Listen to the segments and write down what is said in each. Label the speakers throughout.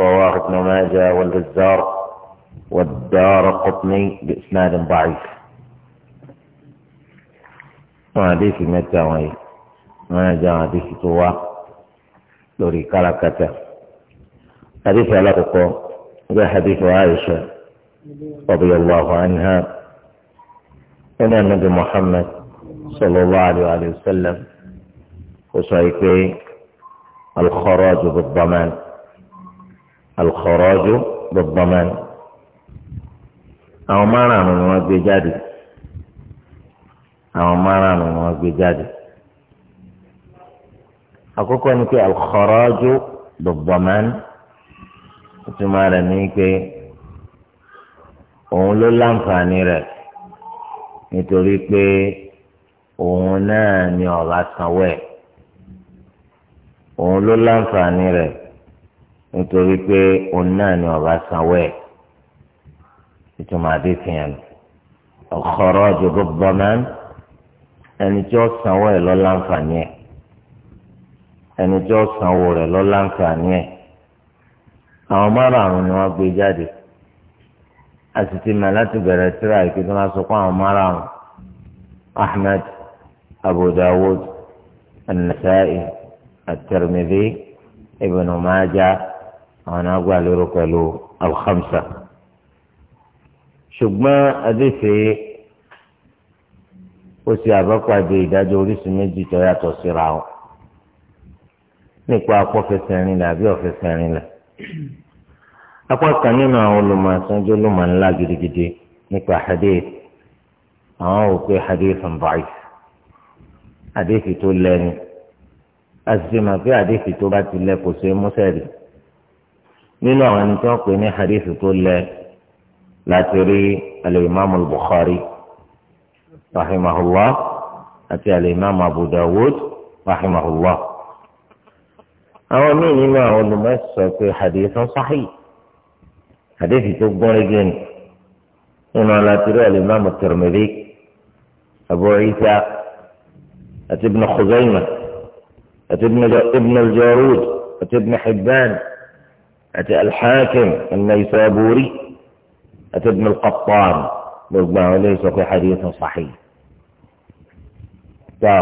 Speaker 1: رواه ابن ماجه والبزار والدار قطني بإسناد ضعيف وحديث متى ما جاء حديث توا لوري كلاكتا حديث على هذا حديث عائشة رضي الله عنها أن النبي محمد صلى الله عليه وآله وسلم وصيكي الخراج بالضمان alukọ̀rọ̀jù bọ̀bọ̀mọ́ni àwọn márùn-ún ni wọ́n gbé jáde àwọn márùn-ún ni wọ́n gbé jáde àkọ́kọ́ ni pé alukọ̀rọ̀jù bọ̀bọ̀mọ́ni ìtumọ̀ rẹ̀ ni pé òun ló láǹfààní rẹ̀ nítorí pé òun náà ni ọ̀la sanwó ẹ̀ òun ló láǹfààní rẹ̀ nítorí pé òun náà ni ọba sanwó ẹ̀ ìtumọ̀ àdé fìyàn ọ̀kọ́rọ́ ọ̀jọ̀gbọ́ bọ́mán ẹni tí ó sanwó ẹ̀ lọ láǹfààní ẹ̀ ẹni tí ó sanwó rẹ̀ lọ láǹfààní ẹ̀ àwọn márààrún ni wọ́n gbé jáde a sì láti bẹ̀rẹ̀ síra ìpín tí wọ́n sọ fún àwọn márààrún Ahmed Abu Dawud An-Nasa'i at àwọn náà gbà lérò pẹ̀lú alhamsa ṣùgbọ́n adéfèé ó ṣe àbápàdé ìdájọ́ oríṣi méjì tó yàtọ̀ síra o nípa akọ́fẹsẹ̀rin lẹ̀ àbí ọ̀fẹsẹ̀rin lẹ̀ apá kan nínú àwọn olùmọ̀ọ́sánjọ́ ló máa ń la gidigidi nípa hadith àwọn ò pé hadith ń báyìí hadith tó lẹ́nu a sì ṣe máa pé hadith tó bá ti lẹ́ kò ṣe é músẹ̀ rí. nínú àwọn ẹni tó ń pè ní hadithi tó lẹ láti rí alimami bukhari rahimahullah àti alimami abu dawud rahimahullah àwọn míì nínú àwọn olùmọ̀sọ̀ pé hadithi sáhì hadithi tó gbọ́n régé ni nínú láti rí alimami tirmidhi abu isa àti ibn khuzayma àti ibn al-jarud àti ibn hibban. àti alḥakim an-Naysaburi àti ibn al-Qattan gbogbo àwọn ilé sọ pé hadith sahih. tó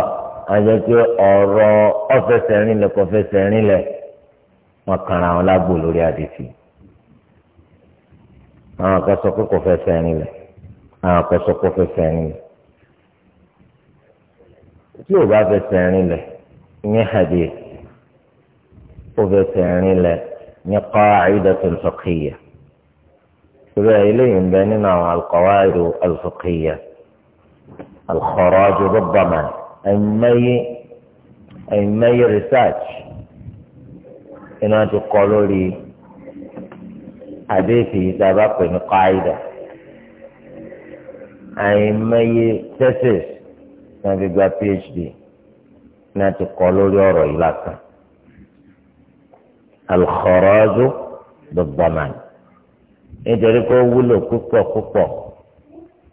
Speaker 1: àjẹ́ pé ọ̀rọ̀ ọ̀fẹsẹ̀ rinlẹ̀ kò fẹsẹ̀ rinlẹ̀ wọn kàn án lágbo lórí àdìsí. àwọn kan sọ pé kò fẹsẹ̀ rinlẹ̀ àwọn kan sọ pé kò fẹsẹ̀ rinlẹ̀. tí o bá fẹsẹ̀ rinlẹ̀ ní hadith ó fẹsẹ̀ rinlẹ̀. هي قاعدة فقهية إذا إليهم بيننا القواعد الفقهية الخراج ربما أمي أمي رساج إن تقولوا لي أديتي سبق قاعدة أمي تسس نبي بي اتش دي نتقولوا لي أرى alukọ̀rọ̀ọ́dù bọ̀gbọ̀mọ̀n nítorí pé ó wúlò púpọ̀ púpọ̀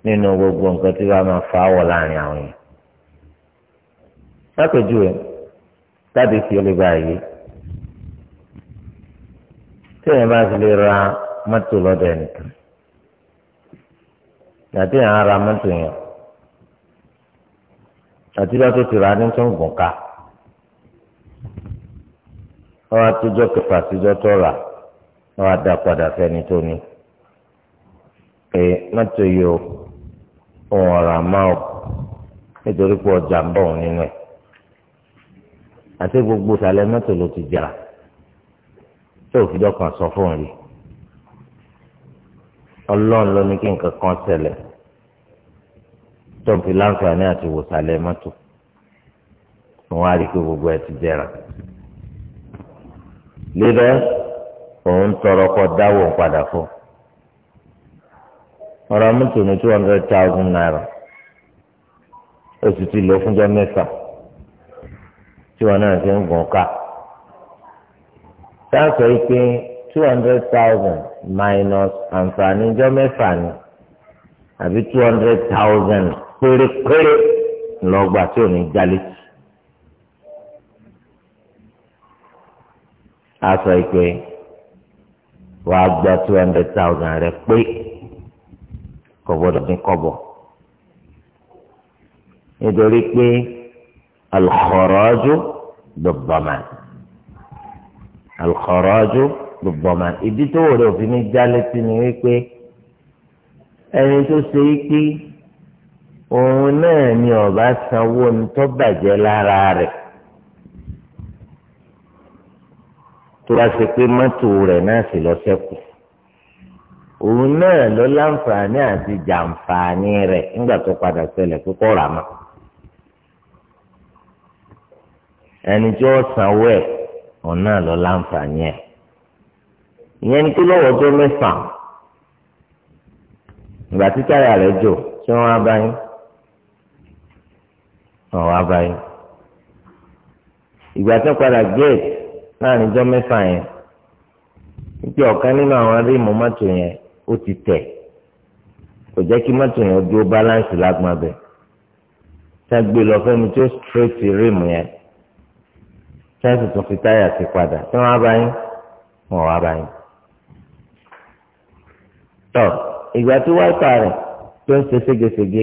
Speaker 1: nínú gbogbo nǹkan tí wàá máa fa àwọ̀ láàrin àwọn yẹn. lápèjúwe tábì fi olè báyìí tí èèyàn bá fi lè ra mọ́tò lọ́dọ̀ ẹnìkan àti èèyàn á mọ́tò yẹn àti bá tó ti rà ní tó ń gùn ká ọwọ́ àtijọ́ kẹfà àtijọ́ tó rà ọwọ́ àdá padà fẹ́ni tó ní. pé mọ́tò yìí ó òun ọ̀rọ̀ àmọ́ ọ nítorí pé ọjà ń bọ̀ òun nínú ẹ̀ àti gbogbo ìsàlẹ̀ mọ́tò ló ti jà tó òfìdọ́ kan sọ fún un rí ọlọ́run ló ní kí nǹkan kan ṣẹlẹ̀ tó ń fi láǹfààní àti wòsàlẹ̀ mọ́tò òun á rí i pé gbogbo ẹ̀ ti jẹrà lébẹ́ òun tọrọ kọ dáwò padà fún ọ̀rọ̀ mọ́tò ní two hundred thousand naira oṣù ti lò fúnjọ́ mẹ́fà tí wọn náà fi ń gùn ká sáàsọ yìí pé two hundred thousand minus àǹfààní ọjọ́ mẹ́fà ni àbí two hundred thousand pérépéré lọ́gbà tí ò ní jalè tì. a sọ pé wàá gba two hundred thousand rẹ pé kò gbọdọ̀ dín kọ́bọ̀ nítorí pé alxọ́rọ́jú gbọ̀gbọ̀mà alxọ́rọ́jú gbọ̀gbọ̀mà ìdí tó wòlé òfin ní jálẹ̀ sí ni wípé ẹni tó ṣe é pé òun náà ni ọba sanwó ní tó bàjẹ́ lára rẹ̀. tó pé mọ́tò rẹ̀ náà sì lọ sẹ́kù òun náà ló láǹfààní àti jàǹfààní rẹ̀ nígbà tó padà ṣẹlẹ̀ pípọ̀ rà ẹni tí sanwó ẹ̀ òun náà láǹfààní ẹ̀ ni lọ́wọ́ tó mẹ́fà ìgbà tí táyà jò tí wọ́n á báyìí wọ́n á báyìí láàrin jọ́ mẹ́fà yẹn wípé ọ̀kan nínú àwọn ríìmù mọ́tò yẹn ó ti tẹ̀ kò jẹ́ kí mọ́tò yẹn dúró báláǹsì lágbọ́n abẹ tá gbé lọ fẹ́ni tí straight rim yẹn tá sì tún fi táyà sí padà tí wọ́n á bá yín wọ́n wá bá yín. tọ́ ìgbà tí wáìpà rẹ̀ tó ń ṣe ségesège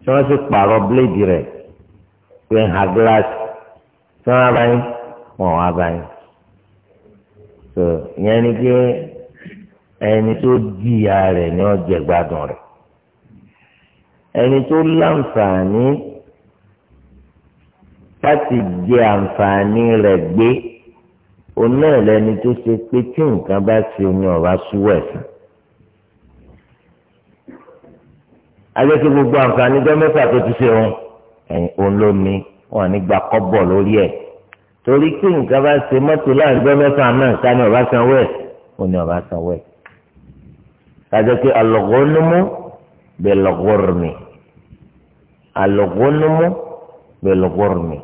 Speaker 1: tí wọ́n sì pààrọ̀ bléèdì rẹ̀ pé ń ha gíláàsì tí wọ́n bá yín wọ́n wá bá yín so ìyẹn ni pé ẹni tó jìyà rẹ̀ ni wọ́n jẹ gbádùn rẹ̀ ẹni tó láǹfààní láti jẹ àǹfààní rẹ̀ gbé oná ẹlẹni tó ṣe pé tí nǹkan bá ṣe ni ọba súwọ ẹsìn ajẹ́ kí gbogbo àǹfààní jẹ́ tó ti ṣe wọn òun ló ní wọn ní gba kọ́bọ̀ lórí ẹ̀ torí pé nǹkan bá ṣe mọ́tò láàrin gbọ́ mẹ́fà náà nǹkan ní ọba sanwó ẹ̀ ó ní ọba sanwó ẹ̀ kájọ pé alọ́gọ́nùmú bẹ́ẹ̀ lọ́gọ́rùmí alọ́gọ́nùmú bẹ́ẹ̀ lọ́gọ́rùmí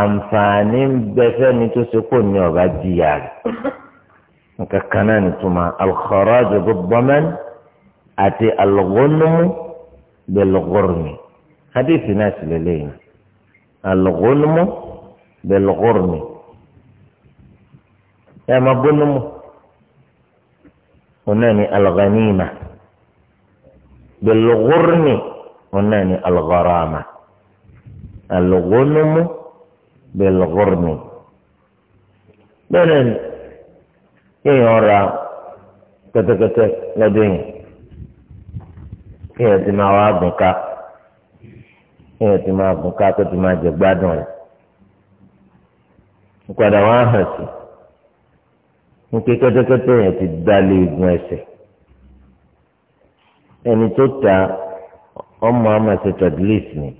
Speaker 1: àǹfààní ń bẹ fẹ́ni tó ṣe kó ní ọba jìyà rẹ̀ nǹkan kan náà nìtúmọ̀ alxọ́rọ́jù gbọ́mẹ́n àti alọ́gọ́nùmú bẹ́ẹ̀ hadith náà sì lélẹ́yìn alghulmu bilghurmi ẹ máa bónú mu òun náà ní alghanima bilghurmi òun náà ní algharama alghulmu bilghurmi bẹ́ẹ̀ ni kéèyàn ra kẹ́tẹ́kẹ́tẹ́ lọ́dún yìí kéèyàn ti máa wá gùn ká. èèyàn ti máa gùn ká ti máa jẹ gbádùn rẹ̀ ìpadà wọn hàn sí ní pé ti dalé igun ẹsẹ̀ ẹni tó ta ọmọ amase ni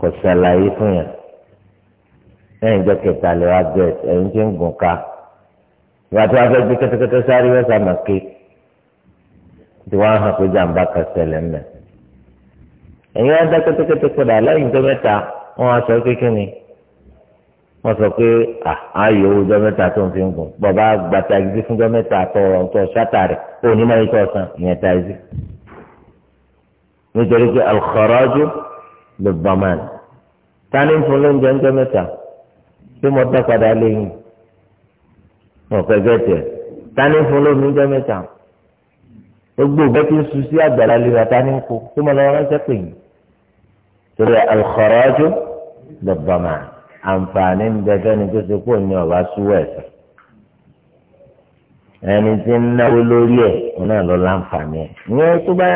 Speaker 1: kò ṣàlàyé fún yàn lẹ́yìn ìjọ kẹta lè wá bẹ́ẹ̀ ẹ̀yìn tí ń gùn ká ìgbà tí wọ́n gbé sáré tí hàn pé ẹ̀yin wá dá kẹ́tẹ́kẹ́tẹ́ padà lẹ́yìn ọjọ́ mẹ́ta wọ́n á sọ kékeré ni wọ́n sọ pé ayò owó ọjọ́ mẹ́ta tó ń fi ń gùn bàbá gbàtà ìdí fún ọjọ́ mẹ́ta tó ọ̀rọ̀ tó ṣáta rẹ̀ ó ní máa ń tọ́ san ìyẹn ta ìdí. nítorí pé alukọ̀rọ̀jú lè bàmán tani fún lóúnjẹ ọjọ́ mẹ́ta tí mo dá padà lẹ́yìn ọ̀pẹ gẹ́tẹ̀ tani fún lómi ọjọ́ mẹ́ta gbogbo bẹ́ẹ̀ tí ń sùn àgbàlá lè ra tani kó tí mo lọ ránṣẹ́ pè yín torí alukọ̀rọ̀jù lọ́gbọ̀mà àǹfààní ń bẹ fẹ́ni tó ṣe kó ní ọba súwọ́ ẹ̀sẹ̀ ẹni tí ń náwó lórí ẹ̀ òun náà lọ láǹfààní ẹ̀ ìyẹn tó bá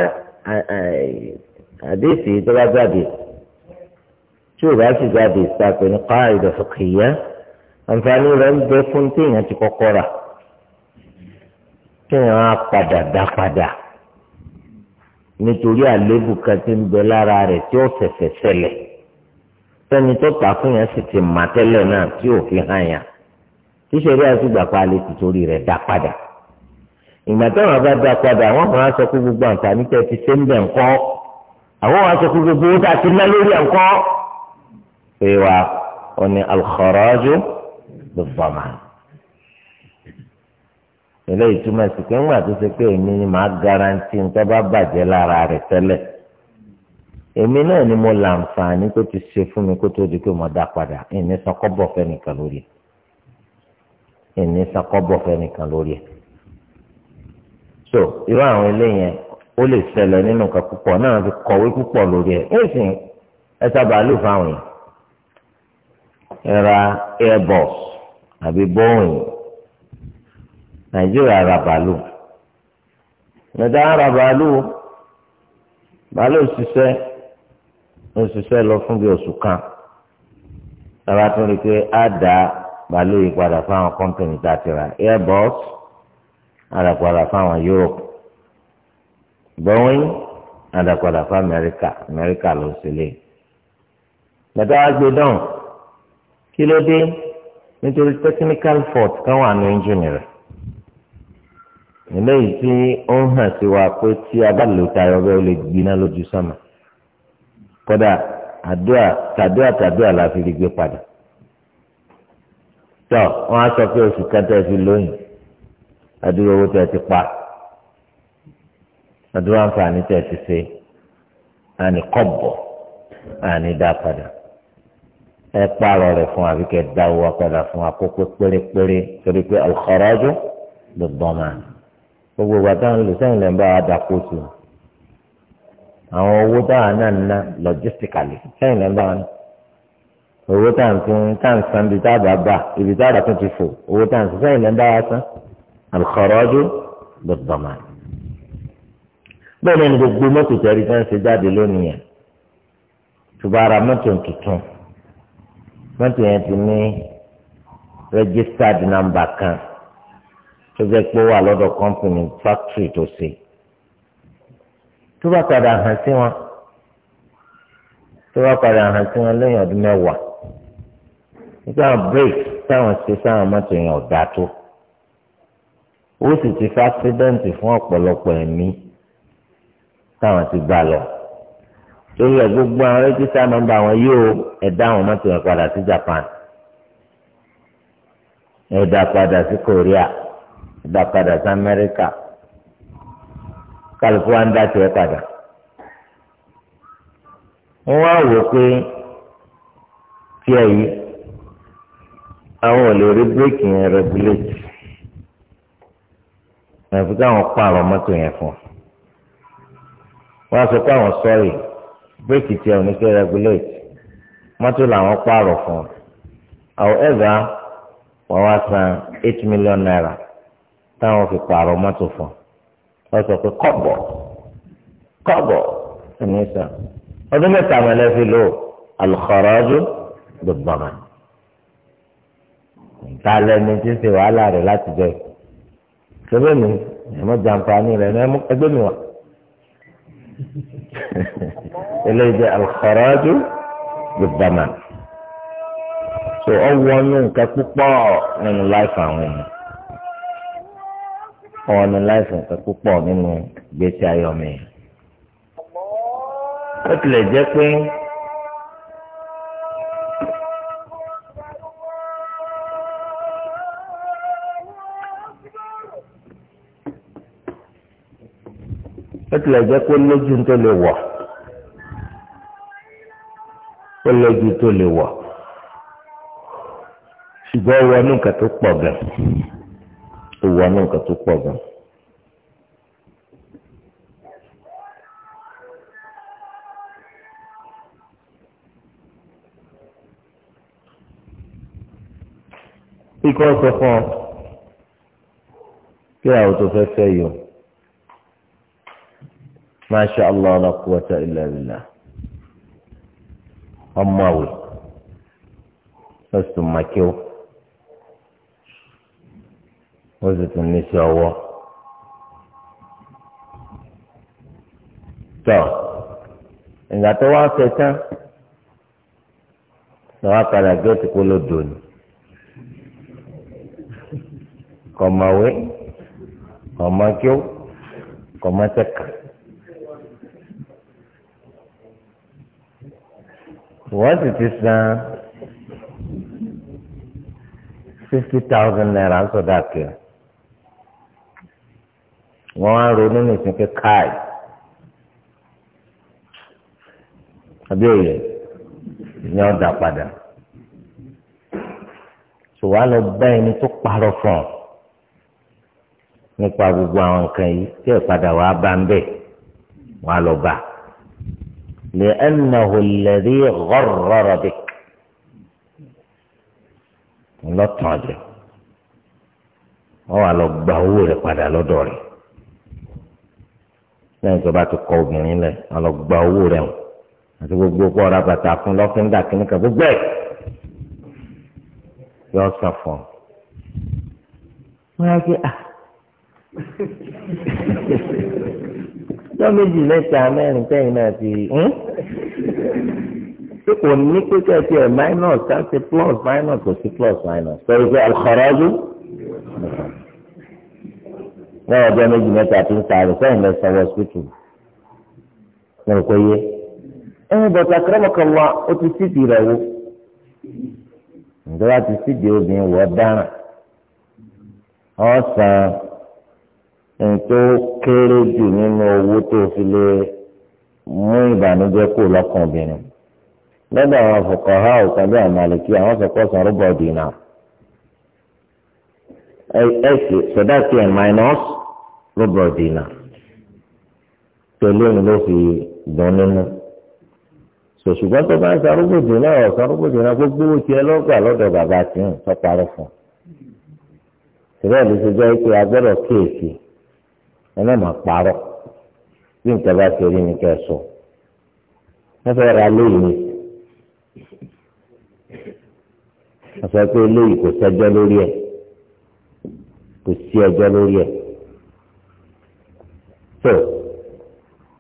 Speaker 1: àdéhìí tó bá jáde tí ò bá sì jáde ìsàpè ní káàdì fòkìyà àǹfààní rẹ̀ ń bẹ fún téèyàn ti kọ́kọ́ rà téèyàn á padà dá padà nítorí àléébù kan tí ń bẹ lára rẹ̀ tí ó ṣẹ̀ṣẹ̀ ṣẹlẹ̀ sẹ́ni tó ta fún yẹn sì ti mà tẹ́lẹ̀ náà tí ò fi hàn yàn tíṣẹ̀rí àtúgbà pa lè ti torí rẹ̀ dá padà ìgbà táwọn bá dá padà àwọn kan á sọ pé gbogbo àǹfààní tẹ́ ti ṣe ń bẹ̀ ńkọ́ àwọn kan á sọ pé gbogbo owó ti ná lórí ẹ̀ pé wa ọ ní alukọ̀rọ̀ ọdún gbogbo àmàlà eléyìí túmọ̀ sí pé ńgbà tó ṣe pé èmi ni màá garanti nǹkan bá bàjẹ́ lára rẹ̀ tẹ́lẹ̀ èmi náà ni mo làǹfààní tó ti ṣe fún mi kó tó di pé mo dá padà ìní sakọ́bọ̀ fẹ́nìkan lórí ẹ̀ ìní sakọ́bọ̀ fẹ́nìkan lórí ẹ̀ so irú àwọn eléyẹn ó lè ṣẹlẹ̀ nínú nǹkan púpọ̀ náà ti kọ̀wé púpọ̀ lórí ẹ̀ nísìnyí ẹ sábà lù fáwọn yìí ẹ ra airbus àbí boeing nàìjíríà ra bàálù nàìjíríà ra bàálù bàálù ṣiṣẹ́ òṣìṣẹ́ lọ fún bíi oṣù kan tàbá tún rí i pé á dá bàálù yìí padà fáwọn kọ́ńtìnì tá a ti ra airbus àdàpadà fáwọn europe boeing àdàpadà fáwọn amẹ́ríkà amẹ́ríkà ló ṣe lé bàtà wá gbé dán kí ló dé nítorí technical fault kan wà ní ẹ́ńjìnì rẹ̀ eléyìí tí ó ń hàn sí wa pé tí a bá lò tayọ bẹ́ẹ̀ ó lè gbiná lójú sánmà kódà àdúrà tàdúrà tàdúrà la fi lè gbé padà tọ wọn á sọ pé oṣù kẹta ẹ fi lóyún àdúrà owó tẹ ti pa àdúrà àǹfààní tẹ ti ṣe àní kọbọ àní dá padà ẹ pààrọ̀ rẹ̀ fún àbíkẹ́ dáwọ́ padà fún àkókò pérépéré torí pé al-kharaju lid-daman gbogbo ìgbà táwọn lò sẹ́yìn lẹ́nu bá wa dàpọ̀ sí i àwọn owó táwọn náà ń ná logistically sẹ́yìn lẹ́nu bá wa ná owó tá à ń fún tá à ń san ibi tá a bá bá ibi tá a bá tún ti fò owó tá à ń san sẹ́yìn lẹ́nu bá wa san àlùkọ́rọ́dún lọ́dọ̀mà. bẹ́ẹ̀ ni gbogbo mọ́tò tẹ̀rí fẹ́ ń ṣe jáde lónìí yẹn tó mọ́tò tuntun mọ́tò yẹn ti ní registered number kan tó jẹ́ pé ó wà lọ́dọ̀ kọ́mpìnì fáktìrì tó ṣe tó bá padà hàn sí wọn tó bá padà hàn sí wọn lẹ́yìn ọdún mẹ́wàá nígbà break táwọn ṣe sáwọn mọ́tò yẹn ọ̀dà tó ó sì ti fa ásídẹ́ǹtì fún ọ̀pọ̀lọpọ̀ ẹ̀mí táwọn ti gbà lọ torí ẹ gbogbo àwọn rẹ́jísítà nọ́mbà wọn yóò ẹ̀dá àwọn mọ́tò yẹn padà sí Japan ẹ̀dá padà sí Korea. dá padà sí amẹ́ríkà kálukú ń dá tiẹ̀ padà wọ́n á wò pé tiẹ̀ yìí àwọn ò lè rí bírèkì yẹn rẹ́gúlétì àfi káwọn pààrọ̀ mọ́tò yẹn fún wọ́n á sọ pé àwọn sọ́ọ̀rì bírèkì tiẹ̀ ò ní fẹ́ rẹ́gúlétì mọ́tò làwọn fún wọ́n san eight million naira. táwọn fi pààrọ̀ mọ́tò fún ọ sọ pé kọ́bọ̀ kọ́bọ̀ ẹni sàn ọdún mẹ́ta mẹ́lẹ́ fi lò alùkọ́rọ́dún gbogbo ọmọ nta lẹni tí ń ṣe wàhálà rẹ láti bẹ ṣẹbẹ mi ẹmọ jàǹfààní rẹ ẹgbẹ́ mi wà eléyìí jẹ alùkọ́rọ́dún gbogbo ọmọ so ọwọ́ nù nǹkan púpọ̀ nínú láìpẹ́ àwọn ènìyàn ọ̀nà láìsàn kan púpọ̀ nínú gbèsè ayọ̀mẹ̀. ó tilẹ̀ jẹ́ pé ó tilẹ̀ jẹ́ pé lójú tó lè wọ̀ ó lójú tó lè wọ̀ ṣùgbọ́n wọnú nǹkan tó pọ̀ gan-an ó wọ inú nǹkan tó pọ̀ gan. ikọ́ sọ fún ọ kí àwọn tó fẹ́ fẹ́ yọ masha allah la quwwata illa billah ọmọ àwẹ̀ lọ́sùn màkíw ó sì tún ní sí ọwọ́. tọ́ ìgbà tó wá fẹ́ tán lọ́wọ́ padà gẹ́tì kó ló dò ní. kọ̀mọ̀wé kọ̀mọ̀kíó kọ̀mọ̀tẹ́kà. wọ́n sì ti san fifty thousand naira sọ̀dọ̀ àkẹ́rẹ́ wọ́n á ronú nìsín pé káì àbí òye ìyẹn ọ̀dà padà ṣùgbọ́n lọ bá ẹni tó parọ́ fún ọ nípa gbogbo àwọn nǹkan yìí tí ẹ̀ padà wàá bá ń bẹ̀ wàá lọ bá لأنه الذي غرر بك ńlọ́tàn jẹ wọ́n wà lọ gba owó rẹ̀ padà lọ́dọ̀ rẹ̀ lẹ́yìn tó bá ti kọ obìnrin lẹ̀ ọlọ́ gba owó rẹ̀ o àti gbogbo kọ́ ọ̀rá bàtà fún lọ́fíńdà kìnnìkan gbogbo ẹ̀ yọ sàn fún ọ. wọ́n yá kí a yọ méjì mẹ́ta mẹ́rin tẹ́yìn náà ti ń hm? kò ní pípẹ́ tí ẹ̀ minus láti plus minus kò sí plus minus pẹ̀lú pé alùpàrọ̀ ọdún náà ọjọ́ méjì mẹ́ta tó ń ta rẹ̀ sẹ́yìn lẹ́sẹ̀ wọ́n ṣùtù ní òkò yé ẹ̀yìn bọ̀tà kẹrẹ́mọ̀kan wa ó ti síbi rẹ̀ wo ìjọba ti síbi obìnrin wọ̀ dáràn ọ̀sán ètò kéré jù nínú owó tó fi lè mú ìbànújẹ́ kó lọ́kàn obìnrin lọ́dọ̀ àwọn fòkàn ha àmàlẹ́kí àwọn fòkàn sọ̀rọ̀ bọ̀dì náà x sọdáàkì ẹ̀ minus rọ́bọ̀ dìnnà pẹ̀lú lo ló fi dùn nínú ṣùgbọ́n tó bá ń sarúgbòdì náà sarúgbòdì náà gbogbo tiẹ̀ lọ́gbà lọ́dọ̀ bàbá tí ń sọ́parọ́ fún un ṣùgbọ́n ìlú ṣe jẹ́ pé agbọ́dọ̀ kéèké ẹlẹ́mọ̀ parọ́ bí nǹkan bá ṣe rí ni kẹ́ ẹ sọ wọ́n fẹ́ ra lóyún ni wọ́n sọ pé lóyún kò sẹ́jọ́ lórí ẹ̀ kò sí ẹjọ́ lórí ẹ̀ tó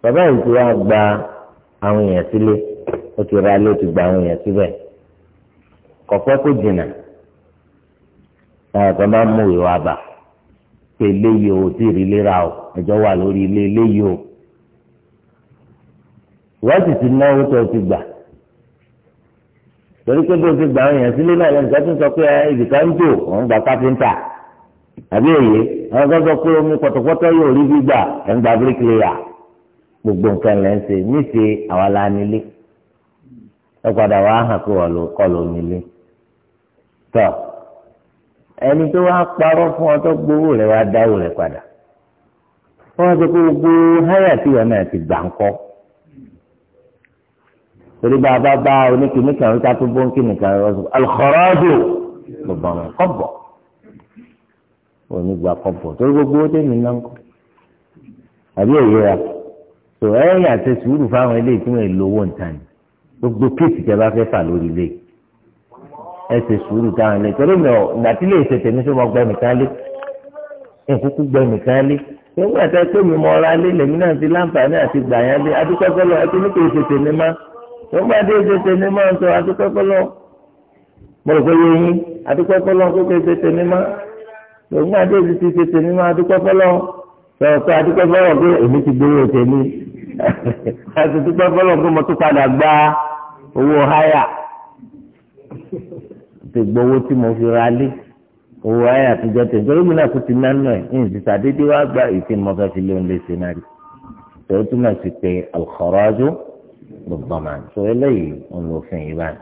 Speaker 1: bàbá yìí ti wá gba àwọn èèyàn sílé ó ti ra ilé ó ti gba àwọn èèyàn síbẹ̀ kọ̀pẹ́ kò jìnnà ẹ̀ẹ́dọ́ bá mú ìwà bà pé eléyìí ò tí ì rí lera o ẹjọ́ wà lórí ilé eléyìí o wọ́n ti náwó tó ti gbà torí pé bó ti gba àwọn èèyàn sílé náà lẹ́nu sọ́tún sọ pé ibìkan ń jò òun gba káfíńtà àbí èyí àwọn kan sọ pé omi pọ̀tọ̀pọ̀tọ̀ yóò rí gbígbà ẹ̀ ń gba bíríkìlìyà gbogbo nǹkan lẹ́ ń ṣe níṣe àwa la nílé ẹ padà wá hàn pé kọ́ ló nílé tọ́ ẹni tó wá parọ́ fún ọ tó gbowó rẹ̀ wá dáwó rẹ̀ padà wọ́n ti kó gbogbo háyà tí wọn náà ti gbà ń kọ́ torí bá a bá bá oníkìníkan wípé a tó bó ń kìníkan alùpùpù alùpùpù gbogbo àwọn kọ́ bọ̀ wọn ò ní gba kọ́bọ̀ torí gbogbo owó tẹ̀mí náà ń kọ́ àbí òye wa tó ẹ̀yìn àti sùúrù fáwọn eléyìí tí wọ́n èlò owó ń tàn gbogbo kéèsì tẹ́ bá fẹ́ fà lórí ilé ẹ ṣe sùúrù táwọn ilé torí mi ò nàtí lè ṣe tèmi tó mọ gbẹ nìkan lé nkúkú gbẹ nìkan lé nígbà tẹ pé mi mọ ra lé lèmi náà ti láǹfààní àti gbà yẹn lé adúpẹ́pẹ́lọ ẹtí ní kò ṣe tèmi má lòun náà dé ti ṣe tèmi máa dúpẹ́ fọlọ́ sọ̀rọ̀ pé adúpẹ́ fọlọ́ pé èmi ti gbowó tèmi àti dúpẹ́ fọlọ́ pé mo tún padà gba owó háyà ti gbowó tí mo fi ra lé owó háyà ti jẹ́ tèmi torí mi náà kú ti nánú ẹ̀ ń ti sàdédé wá gba ìsìn mọ́fẹ́ fi lóun lè ṣe náà rí tòótúmọ̀ sí pé al-kharaju ló gbọ́n máa ń sọ eléyìí ń lò fún yìí báyìí.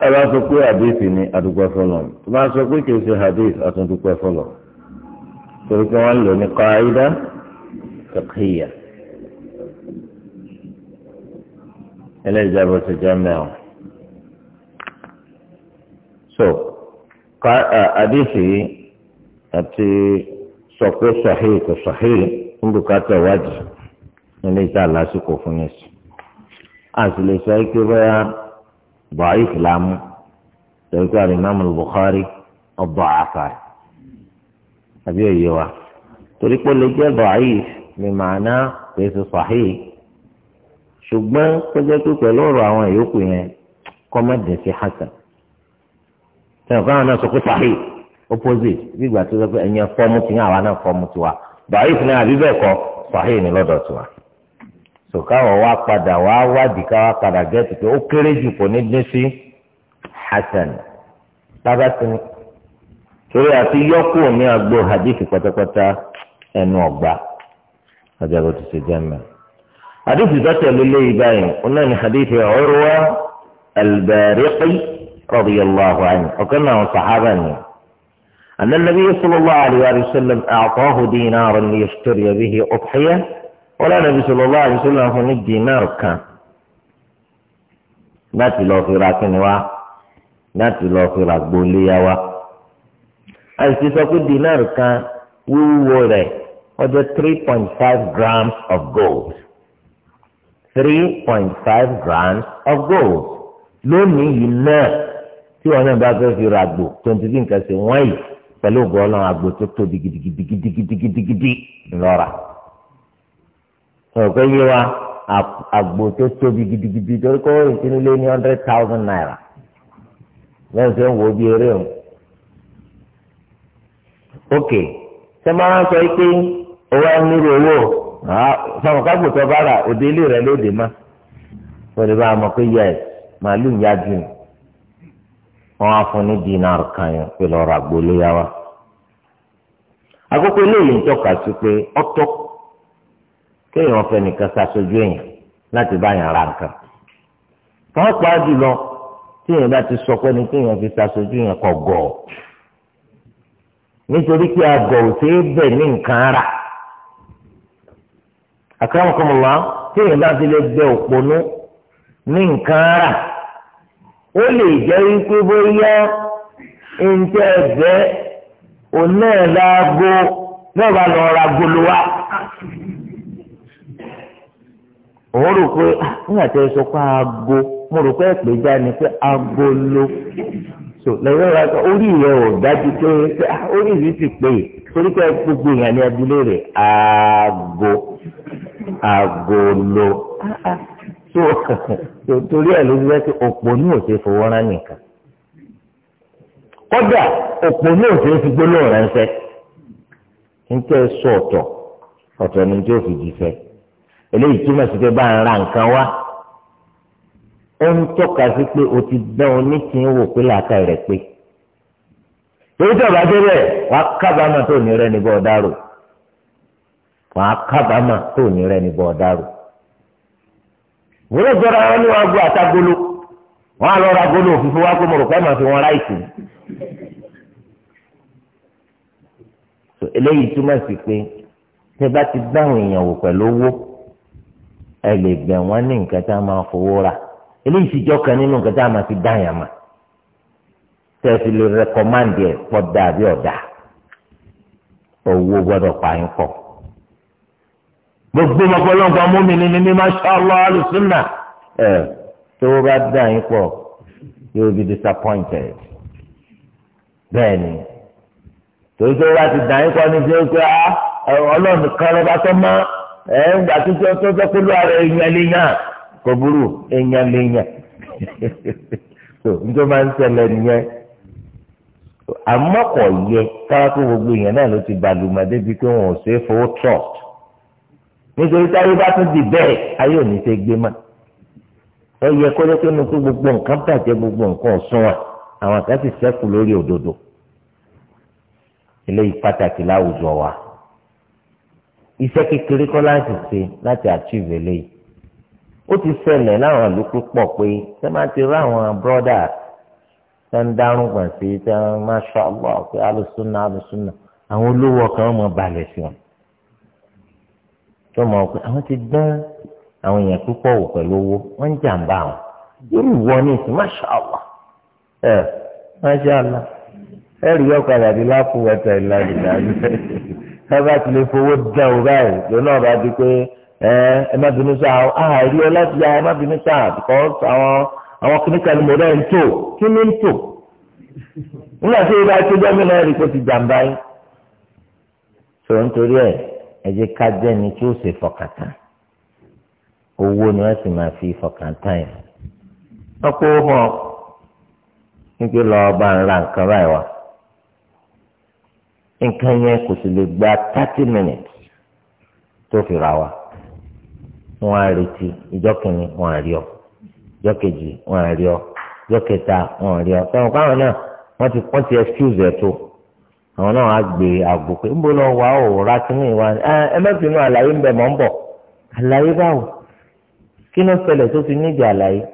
Speaker 1: ẹ̀rọ sọ pé hadith ni adúpẹ́ fọlọ́ tó sọ pé kìí ṣe hadith àtúndúpẹ́ fọlọ́ torí pé wọ́n lò ní qaida fiqhiyya ẹlẹ́jà ti so àti kò wájú bọ̀ọ̀yì fìlàmù torí pé alimami Bukhari ọ̀bọ̀ àfàrì àbí òye wa torí pé lè jẹ́ bọ̀ọ̀yì ni màánà pèsè sàhíì ṣùgbọ́n pẹ́jọ́ tó pẹ̀lú ọ̀rọ̀ àwọn ìyókù yẹn kọ́ má dẹ̀ sí hasan sẹ́yìn fún àwọn náà sọ pé sàhíì opposite bí ìgbà tó sọ pé ẹ̀yin fọ́ọ̀mù tiwọn àwa náà fọ́ọ̀mù tiwa bọ̀ọ̀yì fìlàmù àbí bẹ́ẹ̀ kọ́ sàhíì ni lọ́dọ̀ ah, tiwa. so káwọn wá padà wá wádìí káwá padà gẹ́tù pé ó kéré jù kò ní dín sí hasan bàbá ní torí àti yọkù ní agbo hadith pátápátá ẹnu ọgbà ọjà bó ti ṣe jẹ mẹ. hadith dọ́tẹ̀ lélẹ́ yìí báyìí wọn náà ní hadith Urwa al-Bariqi radiyallahu anhu ọ̀kan náà sàhábà ni. أن النبي àlùwárí الله عليه وسلم أعطاه دينارا ليشتري به أضحية wọn lọ́nà ibi sọ̀rọ̀ bá àdìsọ́ náà fún ní dinar kan láti lọ́ọ́ fi ra kíni wá láti lọ́ọ́ fi ra gbóléyà wá àìsí sọ pé dinar kan wíwúwo rẹ̀ ọjọ́ three point five grams of gold three point five grams of gold lónìí yìí náà tí wọn náà bá fẹ́ fi ra àgbò tó ń ti fi nǹkan ṣe wọ́n yìí pẹ̀lú ògbọ́n náà àgbò tó tóbi gidigidigidigidigidi ńlọ́ra. ọ̀gá yé wa àgbò tó tóbi gidigidi torí kó ìsinú lé ní hundred thousand naira lẹ́yìn tó ń wo bí eré o. ok ṣé sọ pé owó ẹni rò owó sọ̀rọ̀ kágbò tó bá rà òde ilé rẹ̀ lóde má wọ́n bá a mọ̀ pé yẹ màálù ń yá jù wọ́n á fún ní kan yẹn pé lọ́ọ́ rà àkókò eléyìí ń tọ́ka sí pé kéèyàn fẹ́ nìkan ṣàṣojú èèyàn láti bá yàn ra nǹkan pàápàá jùlọ tí èèyàn bá ti sọ pé ní kéèyàn fi ṣàṣojú yàn kọ nítorí pé àgọ̀ ò ṣeé bẹ̀ ní nǹkan rà tí èèyàn bá ti lè ní nǹkan ó lè jẹ́ wípé bóyá náà bá lọ òun rò pé nígbà tí ẹ sọ pé aago mo rò pé ẹ pè já ni pé aago ló so lẹ́yìn ọ̀rọ̀ àti orí rẹ̀ ò dájú pé ah, orí ti pè é torí pé gbogbo èèyàn ní abúlé rẹ̀ aago aago ló so torí ẹ̀ ló rẹ́ pé òpó ní fowó rán nìkan òpó ní fi ránṣẹ́ eléyìí túmọ̀ sí pé bá ń ra nǹkan wá ó ń tọ́ka sí o ti dán oníkìí wò pé làákà rẹ̀ pé torí tí ọba dé wàá kábàámà tó ní rẹ̀ níbọ̀ ọ̀dàrò wàá kábàámà tó ní rẹ̀ níbọ̀ ọ̀dàrò wọ́n jọra wọn ní wọn gbọ́ àtagolo wọn ra golo òfìfo wá mo rò pé màá ti dáhùn èèyàn wò pẹ̀lú owó. ẹ lè bẹ̀ wọ́n ní nǹkan tá a máa fowó ra eléyìí ti nínú nǹkan tá a máa fi dáyà mà tẹ́ ẹ lè ọ̀dà owó gbọ́dọ̀ pọ̀ gbogbo ọmọkọlọ́nkọ múmi ní ní allah alusunna tó bá dá yín pọ̀ you be disappointed bẹ́ẹ̀ ni tòótọ́ bá ti dá yín pọ̀ ní fi ẹ ń gbà tó tó tó tó lọ ara èèyàn lè yàn kò burú èèyàn lè yàn tó nítorí máa ń ṣẹlẹ̀ nìyẹn àmọ́ kò yẹ káwá gbogbo èèyàn náà ló ti balùwẹ̀ débi pé wọn ò ṣe fowó trust nítorí táyé bá tún di bẹ́ẹ̀ ayé ò ní ṣe gbé mọ́ ẹ yẹ kó lókè nu kó gbogbo nǹkan bàjẹ́ gbogbo nǹkan ọ̀sùn wa àwọn kan sì ṣẹ́kù lórí òdodo eléyìí pàtàkì láwùjọ wa iṣẹ́ kékeré kọ́ láti ṣe láti achieve eléyìí ó ti ṣẹlẹ̀ láwọn ìlú púpọ̀ pé ṣé máa ti rá àwọn brọ́dà ṣe ń dárún pọ̀ sí ṣe ń masha Allah pé alùsùnà alùsùnà àwọn olówó ọkàn wọn mọ balẹ̀ sí wọn tó mọ̀ pé àwọn ti dán àwọn èèyàn púpọ̀ wò pẹ̀lú owó wọ́n ń jàǹbá wọn yóò wọ ní ìsìn masha Allah ẹ masha Allah ẹ rí ọkọ̀ àdàdé lápò wọ́tà tábà tí lè fowó dá o báyìí lónìí náà bá di pé ẹ ẹ má bínú sá o àà rí ọ láti yá ẹ má bínú sá because àwọn àwọn kìnnìkan ni mo dá ń tò kí ni ń tò nígbà tí ìlú akéjọ́ mi náà rí kó ti jàǹbá yín tó nítorí ẹ ẹ jẹ́ ká jẹ́ni tí ó ṣe fọkàntán owó ni wọ́n sì máa fi fọkàntán yẹn wọ́n kó hàn nígbè lọ́ọ́ bá ń ra nǹkan báyìí wá. nǹkan yẹn kò sì lè gba thirty minutes tó fi ra wa wọn á retí ìjọ kìíní wọn á rí ọ ìjọ kejì wọn á ọ ìjọ kẹta ọ náà excuse tó àwọn náà á gbé àgbo pé ń wà ó ra kínní ìwà ẹ ẹ àlàyé ń kí ló tó fi àlàyé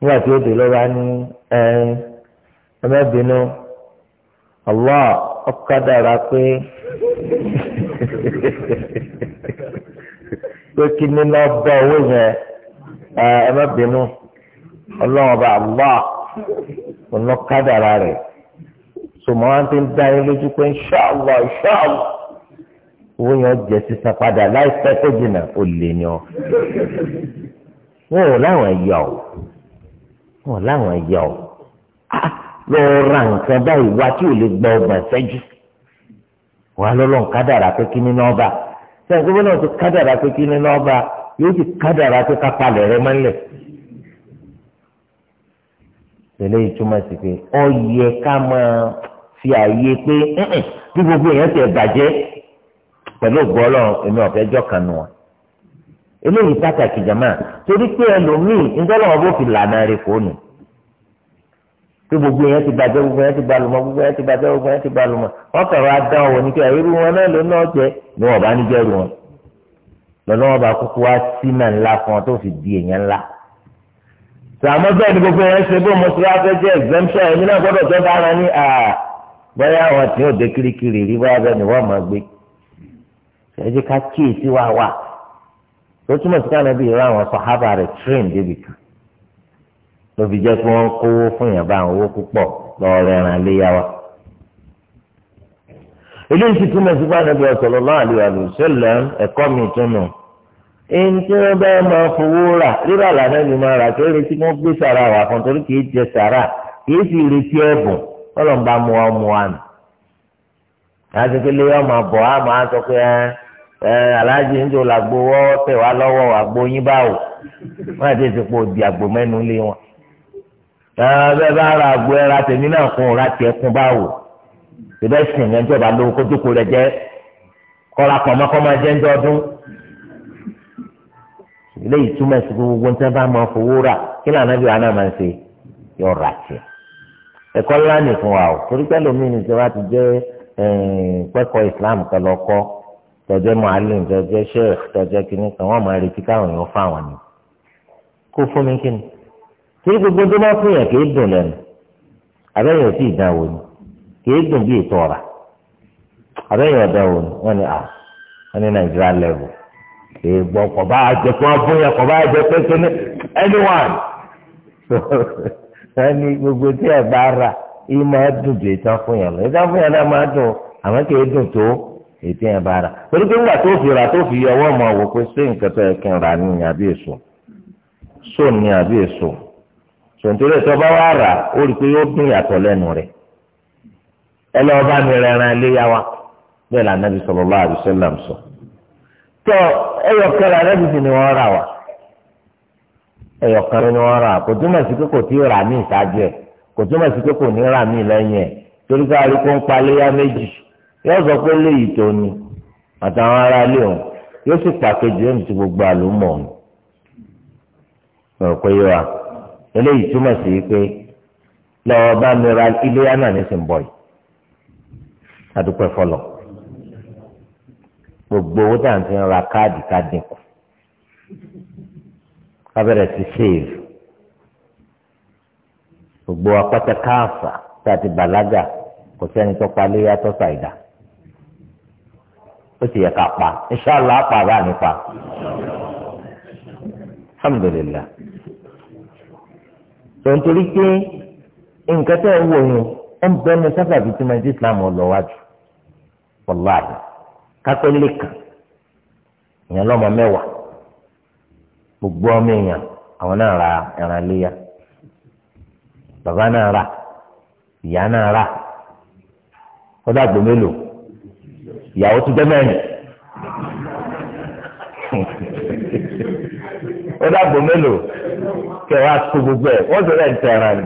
Speaker 1: nígbà tí ó dé ní ẹ ọ̀kadàrà pé pé kí ni lọ bọ owó yẹn ẹ má bínú ọlọ́run ọba àbúrò ọ̀nà kádàrà rẹ̀ sọmọ́ wọn ti ń dá yín lójú pé ṣáàlọ́ ṣáàlọ́ owó yẹn jẹ sísan padà láìpẹ́ tó jìnnà ó lè ní ọ. wọn ò láwọn ẹ̀yà ọ̀ wọn ò láwọn ẹ̀yà ọ̀ lọ ra nǹkan báyìí wá tí ò lè gba ọgbọ̀n ṣẹ́jú wàá lọ́lọ́ kádàrà pé kí nínú ọba sẹ́yìn tó bọ́lá ti kádàrà pé kí nínú ọba yóò ti kádàrà pé ká palẹ̀ rẹ mọ́lẹ̀. tẹ̀lé ìtumọ̀ sí pé ó yẹ ká máa fi àyè pé bí gbogbo èèyàn tẹ̀ bàjẹ́ pẹ̀lú ògbọ́lọ́ èmi ọ̀fẹ́ jọ́ kan nù wọn. eléyìí pàtàkì jàmáà torí pé ẹlòmíì ń tọ́lọ́wọ́ bó fi lànà rẹ̀ fóònù pé gbogbo yẹn ti bàjẹ́ gbogbo yẹn ti balùmọ̀ gbogbo yẹn ti bàjẹ́ gbogbo yẹn ti balùmọ̀ wọ́n kọ̀rọ̀ adán wò ní kí irú wọn náà ló náà jẹ́ ni wọ́n bá ní jẹ́rù wọn lọ́nà wọn bá kúkú wá sínà ńlá fún ọ tó fi di èèyàn ńlá. sàmọ́ bẹ́ẹ̀ ni gbogbo yẹn ṣe bó mo ti wá fẹ́ jẹ́ exemption èmi náà gbọ́dọ̀ tó dára ní à bóyá àwọn tí yóò dé kirikiri rí bóyá bẹ́ẹ̀ ni wọ́n máa gbé. ṣèjì ká kíyèsí wa wà. tó train débi ló fi jẹ́ pé wọ́n kówó fún yàn bá àwọn owó púpọ̀ lọ́ọ́ rẹran léyà wa. eléyìí sì túmọ̀ ẹ̀kọ́ mi túnú. ẹni tí wọ́n bá máa fowó rà rírà lànà ni máa rà kí ó retí wọ́n gbé sàrà wà fún torí kì í jẹ sàrà kì í sì retí ẹ̀bùn ọlọ́mùbá mu wa mu wa nù. láti pé léyà máa bọ̀ á máa sọ pé ń jò làgbo wọ́ tẹ̀ wá lọ́wọ́ àgbo yín báwò wọ́n bẹ́ẹ̀ bá ra àgbo ẹra tèmi náà kún ra tiẹ̀ kún báwò ìbẹ́ sìn ẹ̀ ń jọba lówó kótókó rẹ̀ jẹ́ kọ́ra pọ̀mọ́kọ́mọ́ jẹ́ ń dọ́dún eléyìí túmọ̀ sí gbogbo nǹkan bá máa fowó rà kí lànà bí wàá máa ń ṣe yọ rà tiẹ̀ ẹ̀kọ́ ńlá fún wa o torí pẹ́lú mi ní ìjọba ti jẹ́ pẹ́kọ̀ Islam kọlọ́kọ́ tọ́jẹ́ muhammed tọ́jẹ́ sheikh tọ́jẹ́ kìnnìkan wọ́n máa retí káwọn èèyàn fáwọn ni kó fún mi kí tí gbogbo tó bá fún yàn kì í dùn lẹ́nu abẹ́yẹn ò tí ì ni kì í dùn bí ìtọ́ra abẹ́yẹn ọ̀dánwò ni wọ́n ní à wọ́n ní nàìjíríà lẹ́wù kì í gbọ́ kọ̀ bá jẹ kó abún yẹn kọ̀ bá jẹ pé kí anyone wọ́n ní gbogbo tí ẹ̀ bá rà yìí máa dùn ju ìtàn fún yàn lọ ìtàn fún yàn náà máa dùn àmọ́ kì í dùn tó ètò yẹn bá rà torí pé nígbà tó fi rà tó fi ọwọ́ ọmọ òwò sí nǹkan tó yẹ kí n rà ní àbí èso sóòní àbí èso. sọ̀tún rẹ̀ tó bá wà rà ó rí i pé yóò dún yàtọ̀ lẹ́nu rẹ̀ ẹ lọ́ọ́ bá mi rẹran bẹ́ẹ̀ sọ tó sì ni wọ́n rà wá ẹyọkẹrẹ ni wọ́n rà kò túmọ̀ sí pé kò tí ì rà mí ẹ̀ kò sí pé kò ní rà mí lẹ́yìn ẹ̀ torí ká rí kó ń pa méjì yóò sọ pé léyìí tó ni eléyìí túmọ̀ sí pé lọ́wọ́ bá mi ra iléyà náà ní sìnbọ̀ yìí adúpẹ́ fọlọ́ gbogbo owó tá à ń fi ra káàdì ká dínkù ká bẹ̀rẹ̀ sí save gbogbo apáta káàfà tá a ti bàlágà kò sẹ́ni tó pa léyà tó ṣàìdá ó sì yẹ ká pa inṣàlá pa bá mi pa alhamdulilayi. nítorí pé nǹkan tẹ́ ẹ wò yẹn ó ń bẹ́ ní sábàbí tí mẹ́tí islam ọlọ́wájú wàláàbí kápẹ́lẹ́ lọ́mọ mẹ́wàá gbogbo ọmọ èèyàn àwọn náà ra ẹran léyà bàbá náà rà ìyá náà rà ọdọ àgbò mélòó ìyàwó
Speaker 2: kẹwàá sọ gbogbo ẹ wọn sọ̀rọ̀ a, ni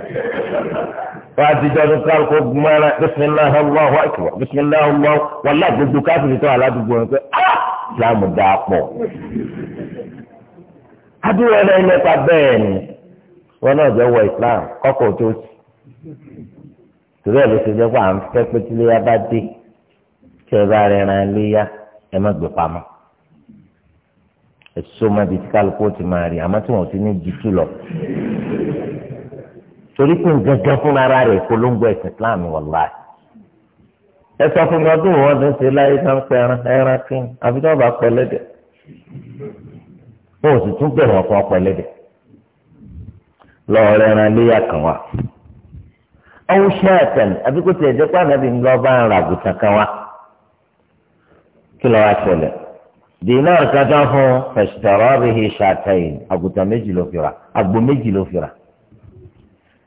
Speaker 1: bisimilahi bisimilahi wàlá gbogbo tó aládùúgbò pé islamu ah! dáa pọ̀ lẹ́yìn bẹ́ẹ̀ ni wọn náà wọ islam tó ló pé à ń fẹ́ bá dé èso máa di kálukú ti máa rí tí wọ́n ti ní jìtú lọ. torí pé fún ara rẹ̀ polongo ẹ̀sìn Islam wàlá ẹ sọ fún mi ọdún wọn láyé náà pé ẹran ẹran kí n bá pẹ wọn ò sì tún bẹ̀rẹ̀ wọn fún ọpẹ lẹdẹ dinar kata fún fẹsitọrọ bihi ṣàtẹyìn àgùntàn méjì ló fira àgbo méjì ló fira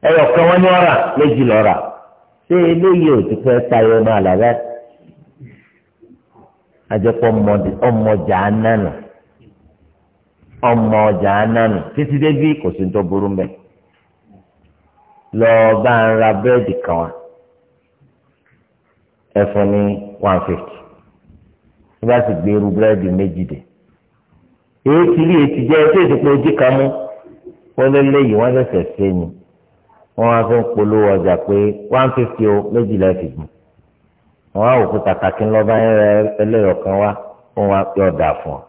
Speaker 1: ẹyọ kan wọn ní ọrà méjì lọ rà ṣé eléyìí ò ti fẹ́ tayọ náà làbẹ àjẹpọ ọmọjà nánu ọmọjà nánu títí débi kò sí tó burú mbẹ lọ bá ń ra búrẹ́dì kan wa ẹ ní one fifty tó bá sì gbé irú búrẹ́dì méjì dé èyí ti rí èyí ti jẹ́ ẹ tó èsì pé ojú kan mú wọ́n lé wọ́n ṣẹ̀ṣẹ̀ ṣe ni wọ́n wá fún polówó ọjà pé one fifty o méjìlá fi gbìn wọ́n á òkúta kàkí ńlọ́ba yẹn rẹ ẹlẹ́yọ̀ kan wá wọ́n wá pé ọ̀dà fún ọ.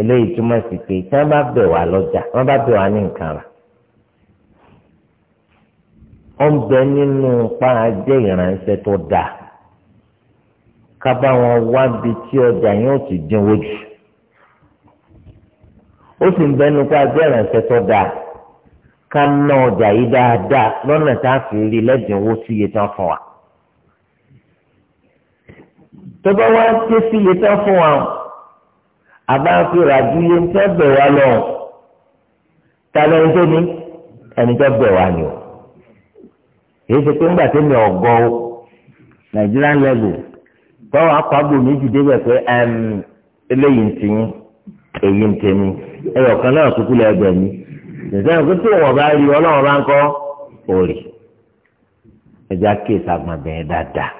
Speaker 1: eléyìí túmọ̀ sí pé tí wọ́n bá bẹ̀ wá lọ́jà wọ́n bá bẹ̀ wá ní nǹkan rà ó bẹ nínú pa ajé ìrànṣẹ́ tó dáa ká bá wọn wá bi tí ọjà yẹn ó ti dínwó jù ó sì ń bẹnu pé agbẹ́rẹ̀ ẹ̀sẹ̀ tó dáa ká ná ọjà yìí dáadáa lọ́nà tá a fi rí lẹ́dínwó sí iye tán fún wa tó bá wá ké sí iye tán fún wa àbá fi ràdú iye tó bẹ̀ wá lọ ta lẹ́yìn tó ní ẹni tó bẹ̀ wá ni o èyí ṣe pé ńgbà tó ní ọgọ́ nàìjíríà lẹ́gùn tọ́wọ́ akpagbo méjì débẹ̀ pé eléyìí ń tiyín èyí ń tẹ̀mí ẹyọ kan náà kúkú lẹ ẹgbẹ̀ mi nìkan kó tí wọn bá rí ọlọ́run bá ń kọ́ òrì ẹja kéésì àgbọ̀nbẹ̀yẹn dáadáa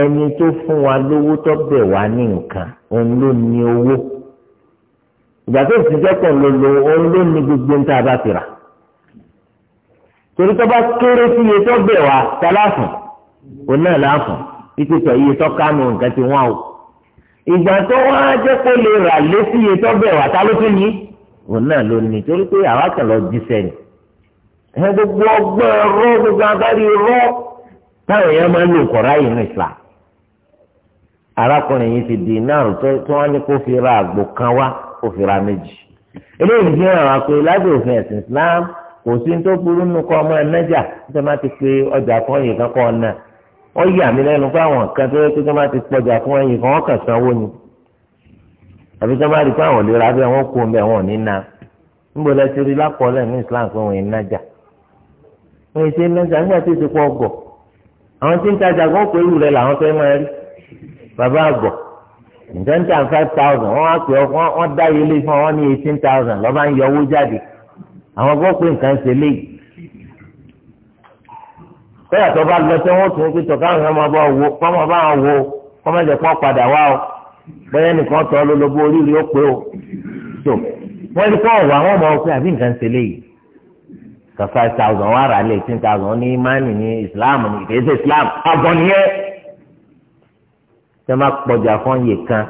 Speaker 1: ẹni tó fún wa lówó tó bẹ̀ wá ní nǹkan òun ló ní owó ìgbà tó sì jẹ́ pọ̀ ló lo òun ló ní gbogbo níta bá ti rà torí tó bá kéré sí iye tó bẹ̀ wá tá láàfún òun náà láàfún ike sọ iye tó kánú nǹkan ti wọ́n o ìgbà tó wọ́n á jẹ́ kó lè rà létí iye tó bẹ̀ wà tá ló tún ní òun náà ló ní torí pé àwa kàn lọ jíṣẹ́ ni ẹ gbogbo ọgbọ́n ẹ̀rọ gbogbo agbárí ẹ̀rọ táwọn èèyàn máa ń lò kọ̀ọ̀rá yìí ní ìsà arákùnrin yìí ti di náà tí wọ́n ní kó fi ra àgbò kan wá kó fi ra méjì eléyìí fi hàn wá pé lábẹ́ òfin ẹ̀sìn Islam kò sí ní tó burú nù kọ́ ọmọ ẹ̀ nájà níta má ti pé ọjà kan yìí kan náà wọ́n yà mí lẹ́nu pé àwọn kan tó yẹ kí wọ́n ti pọ̀jà fún ẹyin kan wọ́n kàn sanwó ni àbí tó rí i pé àwọn ò lè ra bẹ́ẹ̀ wọ́n kú ọmọ ẹ̀ wọ́n ní na níbo lẹ ti rí lápọ̀ọ́lẹ̀ ní Islam pé wọ́n ń nájà wọ́n ṣe ń nájà nígbà tí ìsìnkú ọgọ̀ àwọn tí ń tajà gbọ́n pé irú rẹ̀ làwọn fẹ́ máa rí bàbá àgọ̀ ǹjẹ́ ń tà five thousand wọ́n á pè ọ́ wọ́n dá bẹ́ẹ̀ tó bá lọ sí wọn tún pé tọ̀ káwọn ọmọ bá wo kọ́mọ bá wọn wo kọ́mọ jẹ kọ́ padà wá o bẹ́ẹ̀ nìkan tọ́ ló lọ́gbọ́ oríire ó pé o tó wọ́n ní kọ́ ọ̀wọ́ àwọn ọmọ ọkùnrin àbí nǹkan ṣe léyìí kà five thousand wà rà lé ten thousand ní imáàmì ní islam ní ìdèzè islam àbọ̀ nìyẹn tẹ́ máa pọ̀jà fún iye kan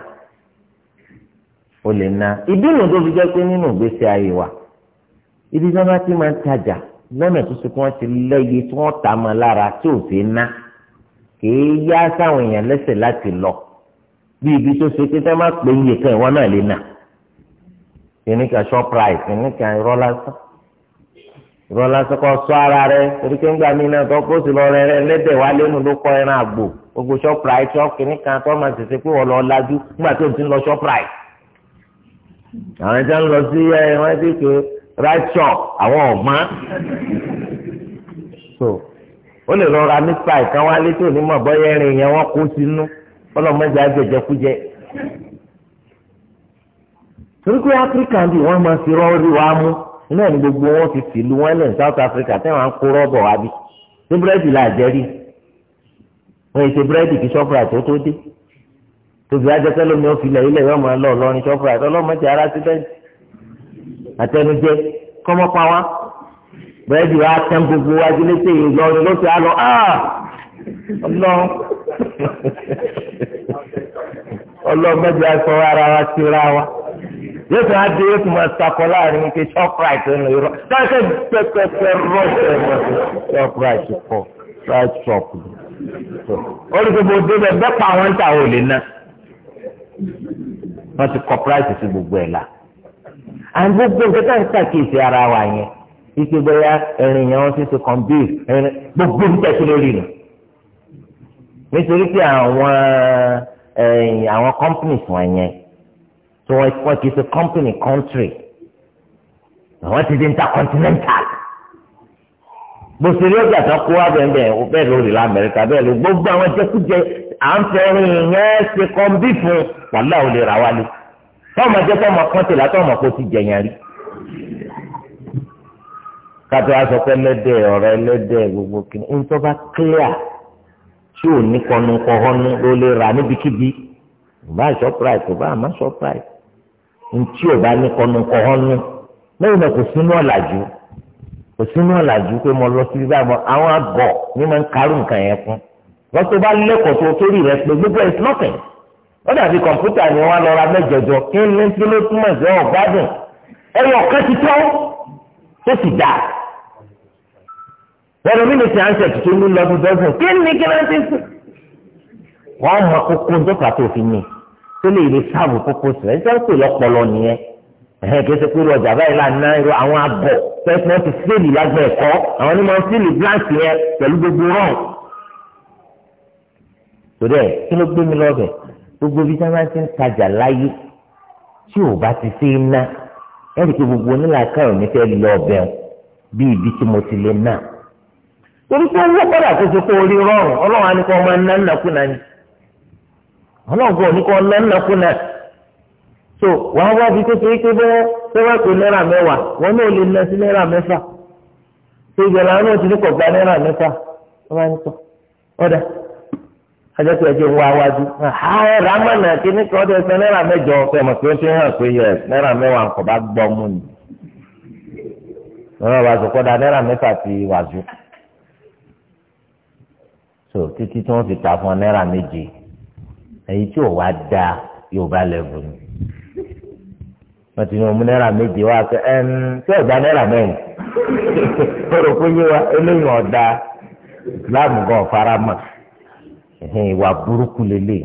Speaker 1: o lè na ìdí nù tó fi jẹ́ pé nínú ìgbésí ayé wa ibi tí máa ń tajà lọ́nà tó ṣe kí wọ́n ti lẹ́yẹ tí wọ́n tà mọ́ lára tí ò fi ná kìí yá sáwọn èèyàn lẹ́sẹ̀ láti lọ bí ibi tó ṣe pé sẹ́wọ́n máa pè é iye kan ìwọ́n náà lè nà kìnìkà shoprite kìnìkà irọ́ lásán irọ́ lásán kọ́ sọ ara rẹ torí pé ńgbà mí náà tó kó sí lọ rẹ rẹ lẹ́dẹ̀ wá lẹ́nu ló kọ́ ẹran àgbò gbogbo shoprite shop kìnìkà tó máa ṣẹ̀ṣẹ̀ pé wọ́n lọ lajú nígbà tó ti ń lọ shoprite àwọn ẹja ń lọ sí ẹ wọ́n ti pé ráṣọ àwọn ọ̀gbọ́n so ó lè rọra nípa ìkan wálé tó ní bọ́yá yẹn wọ́n kó sínú ọlọ́mọdé torí pé áfíríkà wọ́n wa mú iná ní gbogbo wọn ti fìlú wọn lẹ̀ South Africa tẹ́wọ̀n á kó wá bí ṣé búrẹ́dì là jẹ́ rí wọ́n ṣe búrẹ́dì kí tó tó dé tóbi ó fi lẹ̀ máa lọ ọlọ́rin ara àtẹnujẹ kọ́mọ́pá wa bẹ́ẹ̀dì ah! wa tẹ́ gbogbo wájú létí ìlọrin lọ́sẹ̀ á lọ ọlọ ọlọ́mọdé aṣọ ara wa ti ra wa yóò tún á dé yóò tún máa sakọ láàrin ní pé shoprite ń lò irọ́ káṣẹ́ pẹpẹpẹ rọ́ọ̀ṣẹ̀ shoprite pọ̀ right shop olùdókòwò débẹ̀ bẹ́ẹ̀ pa àwọn ń ta ò lè ná wọ́n ti kọ price sí gbogbo ẹ̀ la à ń gbogbo nǹkan tá à ń ṣàkíyèsí ara wa yẹn ike bóyá ẹ̀rìn yẹn wọ́n ti ṣe kàn bí ẹ̀rìn gbogbo ń tẹ̀sí lórí nù. nítorí pé àwọn ẹ̀yìn àwọn companies wọn yẹn tí wọ́n kì í ṣe company country wọ́n ti di intercontinental gbòsèré ọjà tó kó wá bẹ́ẹ̀ bẹ́ẹ̀ bẹ́ẹ̀ lórí la Amẹ́ríkà bẹ́ẹ̀ ló gbogbo àwọn jẹkújẹ à ń fẹ́ rìn yẹn ṣe kàn bí fún wàhálà ò lè rà wálé táwọn máa jẹ́ fọ́ọ̀mù akọ́ńtì látọ̀ mọ̀ kó ti jẹ̀yàn rí kátó aṣọ pé ẹlẹ́dẹ̀ ọ̀rọ̀ ẹlẹ́dẹ̀ gbogbo kìnnì ń tọ́ bá clear tí ò ní kọnukọ̀hónú ló lè rà níbikíbi ìbá shoprite ìbá àmọ́ shoprite ntí ò bá ní kọnukọ̀hónú lẹ́yìn náà kò sínú ọ̀làjú kò sínú ọ̀làjú pé mo lọ sí ibà mọ́ àwọn àgọ̀ ní máa ń karùn-ún kàn yẹn kún wọ́n bá lẹ́kọ̀ọ́ tó torí rẹ pé gbogbo ẹ̀ wọ́n dàbí kọ̀ǹpútà ni wọ́n lọ ra mẹ́jọjọ kí ní kí ló túmọ̀ sí ọ̀gbádùn ẹ̀yọ̀ kan ti tọ́ tó sì dà wọ́n lọ mílíọ̀tì àǹsẹ̀ tuntun ní lọ́dún dọ́sùn kí ní kí ló ti sùn. wọ́n mọ kókó dọ́kà tó fi ní tó lè rí sáàbù kókó sùn ẹ̀ sẹ́ńpè lọ́pọlọ nìyẹn ẹ̀hẹ́ kí ẹsẹ̀ pé irú ọjà báyìí là ń ná irú àwọn abọ̀ pẹ́ẹ́pẹ́ ti fèlì lágbẹ́ ẹ̀kọ́ àwọn onímọ̀ fèlì gíláàsì yẹn pẹ̀lú gbogbo rọ̀. torí ẹ̀ kí ló gbé mi gbogbo bí sábà ti ń tajà láyé tí ò bá ti ṣe é ná ẹ̀rí pé gbogbo onílàákà ò ní fẹ́ lọ ọbẹ̀ bí ibi tí mo ti lè ná torí pé owó kọ́dà kó ṣe kó orí rọrùn ọlọ́run á ní kó ọmọ ná nàkúnà ni ọlọ́run kò ní kó ná nàkúnà so wàá wá bí tó ṣe é pé bẹ́ẹ̀ bẹ́ẹ̀ pé náírà mẹ́wàá wọn náà lè ná sí náírà mẹ́fà tó ìgbàlá náà ti ní kọ̀ gba náírà mẹ́fà wọ́n ajá pé ẹjẹ wá wájú ẹ ramana kíní kan ọdún ẹsẹ náírà mẹ́jọ ọsẹ mọ pé ó ti hàn pé yẹ náírà mẹ́wàá nǹkan bá gbọ́ mú ni náírà wàzù kọ́dà náírà mẹ́fà ti wàzù so títí tí wọ́n fi ta fún ọ náírà méje èyí tí ò wá da yorùbá lẹ́bù ni wọ́n ti ní ọmú náírà méje wá sẹ ẹn tí ọ̀gá náírà mẹ́rin kọ́dọ̀ kó yé wa eléyìí ọ̀dà islam gan fara mọ́ ìwà burúkú lélẹ̀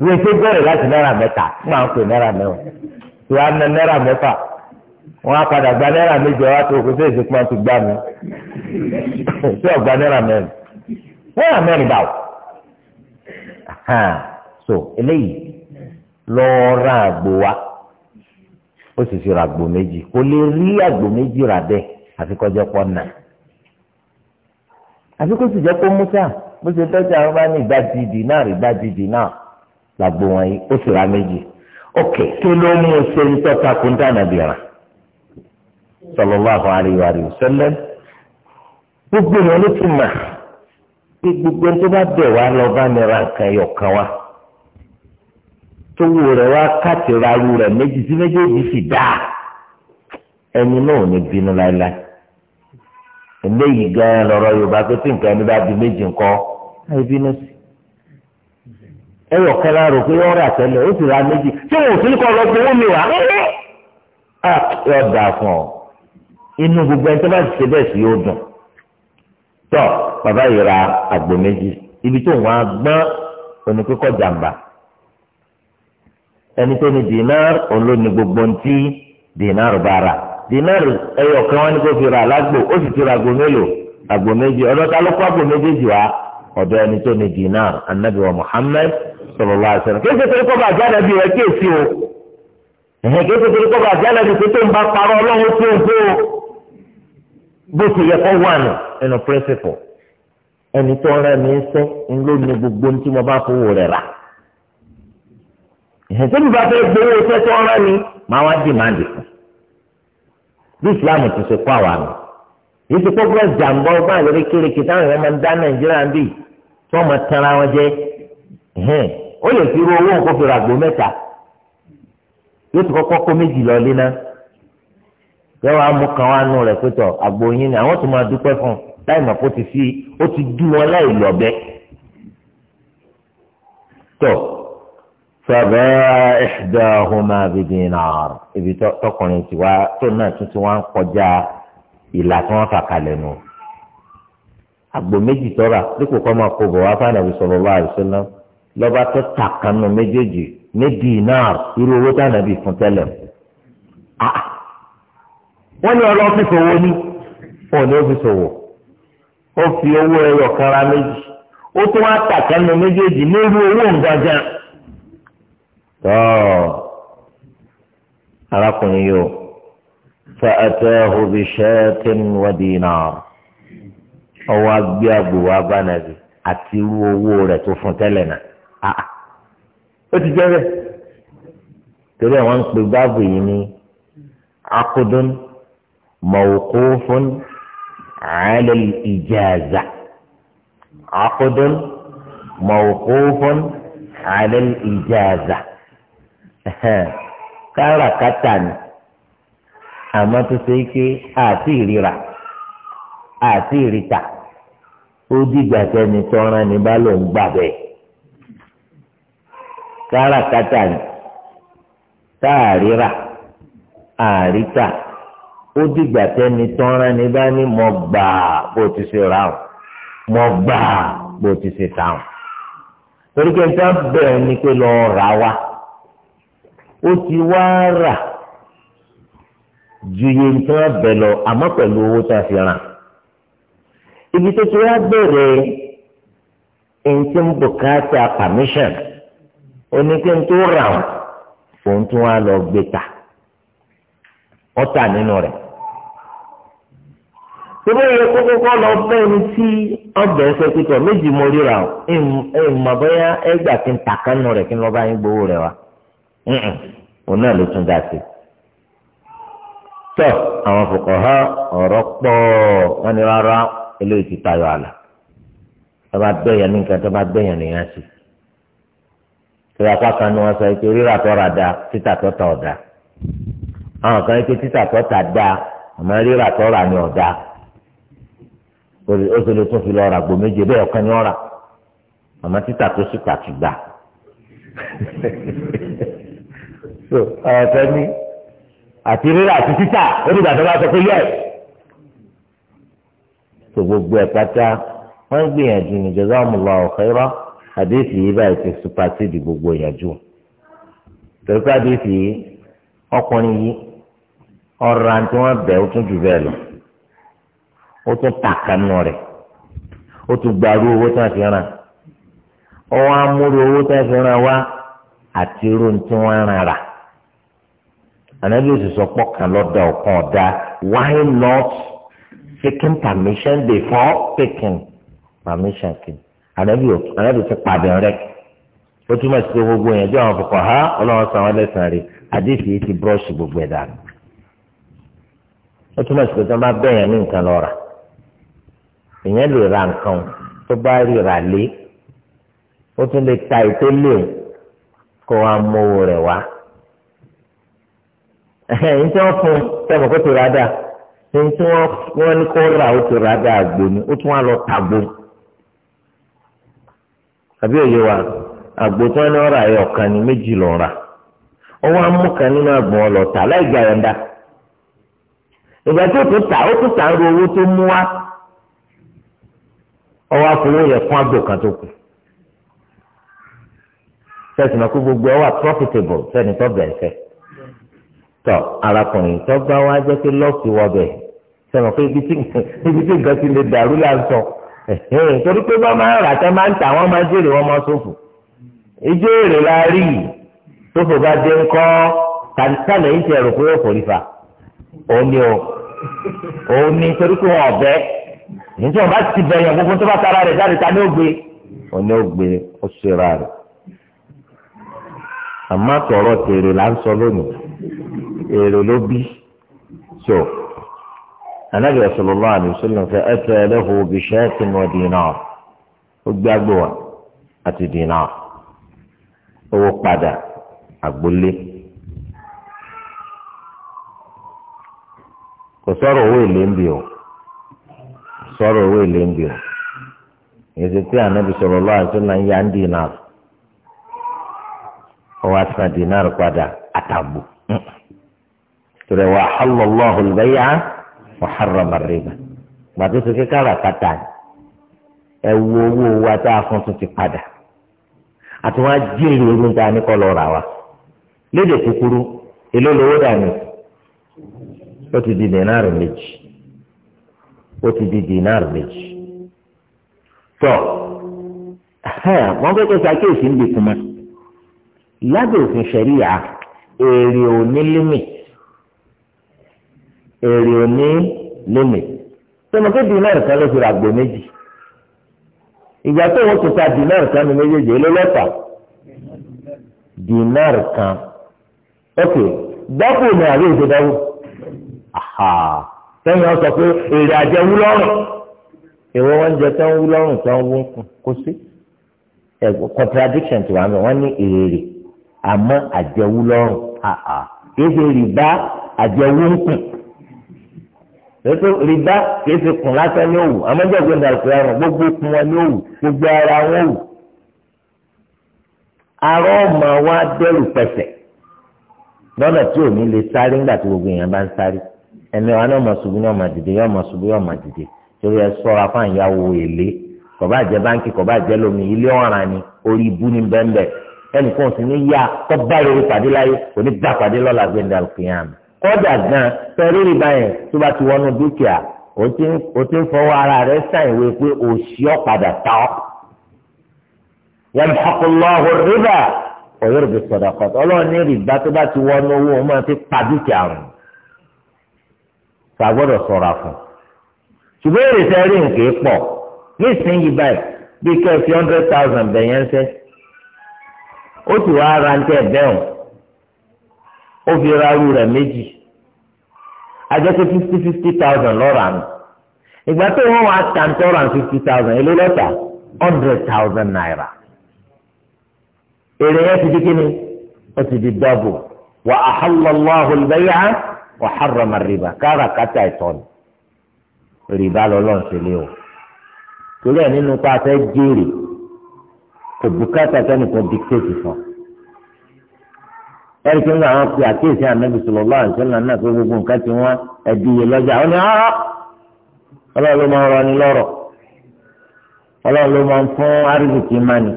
Speaker 1: ìwé tó bẹ̀rẹ̀ láti náírà mẹ́ta fún àwọn pè náírà mẹ́wọ̀n tó wá ná náírà mẹ́fà wọ́n á padà gba náírà méje wá tó kó sèse kí wọ́n ti gbá mi tí ò gba náírà mẹ́rin náírà mẹ́rin báwò so eléyìí lọ́ọ́ ra àgbo wa ó sì fi ra àgbo méjì kò lè rí àgbo méjì rà bẹ́ẹ̀ àfi kọjá pọ́n náà àfi kó sì jẹ́ kó mú sáà bó ṣe tọ́jú àwọn bá ní ìdajì dínárì ìdajì dínárì làgbo wọn yìí ó sì ra méjì ok kí ló mú ṣe ń tọ́ka kún dànàbì rà sallallahu alaihi wa sallam gbogbo ìwọ̀n ló ti mà pé gbogbo ẹni tó bá bẹ̀ wá lọ bá mi ra nǹkan ẹyọ kan wá tówó rẹ̀ wá káàtì ra ru rẹ̀ méjì sí méjèèjì sì dáa ẹni náà ò ní bínú láéláé eléyìí gan lọ́rọ̀ yorùbá pé tí nǹkan ẹni bá di méjì ńkọ́ ẹ bínú sí ẹ yọ kẹlá rò pé ọ̀rọ̀ àtẹlẹ ó sì ra méjì tí wọn ò sí kọ lọ gbowó mi wá á ah, ah, yọ dà fún ọ inú gbogbo ẹni tó bá ti ṣe bẹ́ẹ̀ sí yóò dùn tọ bàbá yìí ra àgbò méjì ibi tó wọn á gbọ́n oníkókó jàǹbá ẹni tó ní dìínà òun ló ní gbogbo ntí dìínà bá rà dínárì ẹyọ kan wọn ni kò fi ra alágbò ó sì ti ra àgbò mélòó àgbò méjì ọ̀dọ̀ ta ló kó àgbò méjèèjì wá ọ̀dọ̀ ẹni tó ní dínárì anabi wa muhammed sọlọlá àṣẹrẹ kí ẹsẹ torí kọ́ bá àjálẹ̀ bí rẹ kéèsì o ẹ̀hìn kí ẹsẹ torí kọ́ bá àjálẹ̀ bí tó ń bá parọ́ ọlọ́run tó ń tó bó ti yẹ kó wà nù ẹnu pírẹsìpọ̀ ẹni tó rẹ mi sẹ́ ń ló ní gbogbo tí mo bá fowó rẹ̀ rà ẹ̀hìn tó bí bá fẹ́ gbowó sẹ́ tó rẹ mi máa wá dìmáàdì fún bí islam ti ṣe kó àwa nù yìí ti kó gbọ́dọ̀ jàǹbá ọgbà lérékèrèké táwọn èèyàn máa ń dá nàìjíríà bíi tí wọ́n máa tẹnra wọn jẹ ó lè fi ru owó nǹkan fi ràgbó mẹ́ta yóò ti kọ́kọ́ kó méjì lọ lé náà yóò wá mú kan wá nù rẹ̀ pẹ̀tọ̀ àgbo yín ni àwọn tó máa dúpẹ́ fún láì mọ̀ kó ti fi ó ti dú wọn láì lọ́bẹ tó tàbá ẹ̀dá ọ̀húnmá bìdínàr ibi tọkùnrin tiwa tó náà tuntun wá ń kọjá ìlà tí wọ́n fà kalẹ̀ nù. àgbò méjì tọ́ra dípò kọ́ máa kó bọ̀ wá fún ànàbì sallallahu alaihi wasallam lọ́ba tó ta kanu méjèèjì ní dínàr irú owó tànàbì fún tẹ́lẹ̀. wọ́n ní ọlọ́fíìsì owó ní òun ní ọ́fíìsì owó ó fi owó ẹyọ kan ra méjì ó tún wá ta kanu méjèèjì ní irú owó ń gangan tọ́ arákùnrin yóò fa ataahu bi shatin wa dinar ọwọ́ agbé àgbò wa bá nàbì àti irú owó rẹ̀ tó fún tẹ́lẹ̀ náà ah, ah, ó ti jẹ́ bẹ́ẹ̀ torí àwọn ń pe báàbù yìí ní akudun mawqufun ala al-ijaza akudun mawqufun ala al-ijaza. káràkátà ni àmọ́ tó ṣe é pé àti ìríra àti ìríta ó dìgbà sẹ́ni tọ́ran ní bá lòún gbà bẹ́ẹ̀ káràkátà ni táàríra àríta ó dìgbà sẹ́ni tọ́ran ní bá ní mọ́ gbàá bó ti ṣe ra ọ́ gbàá bó ti ṣe torí bẹ́ẹ̀ ni ra wa. ó ti wá rà ju iye tí wọ́n bẹ̀ lọ àmọ́ pẹ̀lú owó tá a fi rà ibi tó ti wá bẹ̀rẹ̀ ẹni tí ń bùkátà permission oníkẹ́ tó rà ọ́ òun tún wá lọ gbé ta ọ̀tà nínú rẹ̀ tẹ́lẹ̀ yẹ kókó kọ́ lọ bẹ́ ẹni tí ọbẹ̀ ẹsẹ̀ pípọ̀ méjì mo ríra ọ̀ ẹ̀ mọ̀ bóyá ẹgbà kí n tàkánú rẹ̀ kí n lọ́ọ́ bá yín gbowó rẹ̀ wá. òun náà ló tún dá sí tọ àwọn fuqaha ọ̀rọ̀ pọ̀ wọn ni rárá eléyìí ti tayọ àlà tó bá gbẹyàn ní na tó bá gbẹyàn nìyẹn sí tó yà pàkan ni wọn sọ pé rírà tó ra títà tó ta ọ̀dà àwọn kan pé títà tó àmọ́ rírà tó ọ̀dà ó lè tún so ẹ̀ẹ́fẹ́ ní àti rírà àti títà onígbà tó bá sọ pé yẹ so gbogbo ẹ̀ pátá wọ́n gbìyànjú ní jazakumullahu khairan àdéhìí yìí báyìí ti supasíìdì gbogbo ìyànjú torí pé àdéhìí yìí ọkùnrin yìí ọ̀rọ̀ àti wọn bẹ̀ ó tún jù bẹ́ẹ̀ lọ ó tún tàkánú rẹ̀ ó tún gbàrú owó tí wọ́n fi ràn ọwọ́ amúrú owó tí wọ́n fi ràn wá àti irú tí wọ́n ràn rà ànábì ó sì sọ pọ̀ kan lọ́dọ̀ ọ̀kan ọ̀dà why not taking permission before taking permission kì ànábì ti pàdé rẹ̀ ó túmọ̀ sí pé gbogbo yẹn bí àwọn fòkàn ha ọlọ́run sọ àwọn ẹlẹ́sìn rẹ̀ àdéhùn yìí ti búrọ́ọ̀ṣì gbogbo ẹ̀ dànù ó túmọ̀ sí pé tí wọ́n bá bẹ̀yàn ní nǹkan lọ́ra èèyàn lè ra nǹkan tó bá rí ra lé ó tún lè ta ètò léwu kó wa mówó rẹ̀ wá. ẹ̀hìn tí wọ́n fún sẹ́mu kó tó ra dáa ẹ̀hìn tí wọ́n ní kó ó tó ó tún lọ tàgbó àbí òye wa àgbò tí ní ọ̀rà yẹ ọ̀kan ní méjì lọ rà amúkan nínú àgbọ̀n ọlọ́ta láì gbà ìgbà tí tọ arákùnrin tó bá wá jẹ́ pé lọ́ọ̀sì wọbẹ̀ sẹ́wọ̀n pé ibi tí nǹkan ti lè dàrú là ń sọ torí pé wọ́n máa ń rà tẹ́ máa ń tà wọ́n máa ń jèrè wọ́n máa ṣòfò ìjọ èrè la rí i ṣòfò bá dé ńkọ́ tàbí yìí ti ẹ̀rù pé ó forí fa òun ni o òun ni torí pé wọn ọ̀bẹ níjọba ti bẹ̀yàn gbogbo tó bá tara rẹ̀ jáde ta ni ó gbé òun ni ó gbé ó ṣe ra rẹ̀. àmọ́ tọrọ tèrè là ń sọ lónìí èrè ló bí so anabi sallallahu alaihi wasallam fa ata lahu bishatin wa dinar ó gbé àgbò àti dinar owó padà àgbólé kò sọ̀rọ̀ owó èlé ń bì o sọ̀rọ̀ owó èlé ń bì o èsì tí anabi sallallahu alaihi ń yá ń ọwọ́ asan dinar padà àtàbù tẹ̀lé wa hallallahu al wa harrama riba gbàtó tó ké kára kàtà ẹ wo owó wa tá a padà àti wọn á a ní kọ́ lọ rà wa lédè kúkúrú èló lówó dànù ó ti di dinar méjì ó ti di dinar méjì tọ́ wọ́n fẹ́ kẹ́ ń lábẹ́ òfin ṣẹ̀ríyà èrè ò ní límìt èrè ò ní límìt tọmọkè dinar kan ló fi ra àgbò méjì ìgbà tó wọ́n tuta dinar kan ní méjèèjì olólọ́pàá dinar kan ok dábò ni àbí èso dábò sẹ́yìn ọ sọ pé èrè àjẹ wú lọ́rùn èwo wọn jẹ tán wú lọ́rùn tán wú kó sí contradiction tiwa mi wọ́n ní èrè àmọ́ àjẹwú lọ́rùn àà kìí ṣe rìbá àjẹwú ń kùn lọ́tọ́ rìbá kìí ṣe kùn lásán ní òwú àmọ́jọ́gbọ́n dàrúkọ́ ẹ̀rùn gbogbo kùn wọn ní òwú gbogbo ara wọn òwú. arọ́ ọmọ wa dẹ́rù pẹ̀sẹ̀ lọ́nà tí ò ní lè sáré ńgbà tí gbogbo èèyàn bá ń sáré ẹni wa náà mọ̀ ṣubú náà mọ̀ dìde yọ̀ mọ̀ ṣubú yọ̀ mọ̀ dìde torí ẹ sọ́ra fún àyàwó èlé kọ̀bá jẹ́ báńkì kọ̀bá jẹ́ lómi ilé ọ̀ràn ni orí ibú ni bẹ́ẹ̀ bẹ́ẹ̀ ẹnìkan sì ní yá kọ́ bá rere pàdé láyé kò ní bá pàdé lọ́la gbẹ̀ndà kìíyàn kọ́dà gan tẹ̀rí rí báyẹn tó bá ti wọnú dúkìá o ti ń fọwọ́ ara rẹ̀ ṣàìwé pé òṣì ọ̀padà ta ọ́ yamhaqullahu riba wa yurbi sadaqat ọlọ́run ní rìbá tó bá ti wọnú owó wọn máa ti pa dúkìá rùn sàgbọ́dọ̀ sọ̀rọ̀ àfọ̀n ṣùgbọ́n èrè tẹ́rí nǹkan pọ̀ nísìnyí báyìí bí kẹ́ẹ̀ hundred thousand bẹ̀yẹn ń sẹ́ ó sì wá ara ń tẹ bẹ́ẹ̀ ó fi ra aru rẹ̀ méjì àjẹsí fifty fifty thousand lọ́ra nù ìgbà tó wọ́n wá tà ń tọ́ra fifty thousand èlé lọ́tà hundred thousand naira èrè yẹn ti di kíni ó ti di dọ́bù wà á hàlọ́láhùn lẹ́yà wà á rọ̀mà rìbá kára kátà ìtọ́ni rìbá lọ́lọ́run ṣe lé o torí ẹ̀ nínú pa fẹ́ jèrè kò bùkátà kẹ́nìkan dictate fún ẹ̀rí kí nínú àwọn pé àkíyèsí ànábì sallallahu alaihi wasallam náà pé gbogbo nǹkan ti wọ́n ẹ̀dí iye lọ́jà ó ní ọ́ ọlọ́run ló máa ń rọni lọ́rọ̀ ọlọ́run ló máa ń fún árìsìkì mání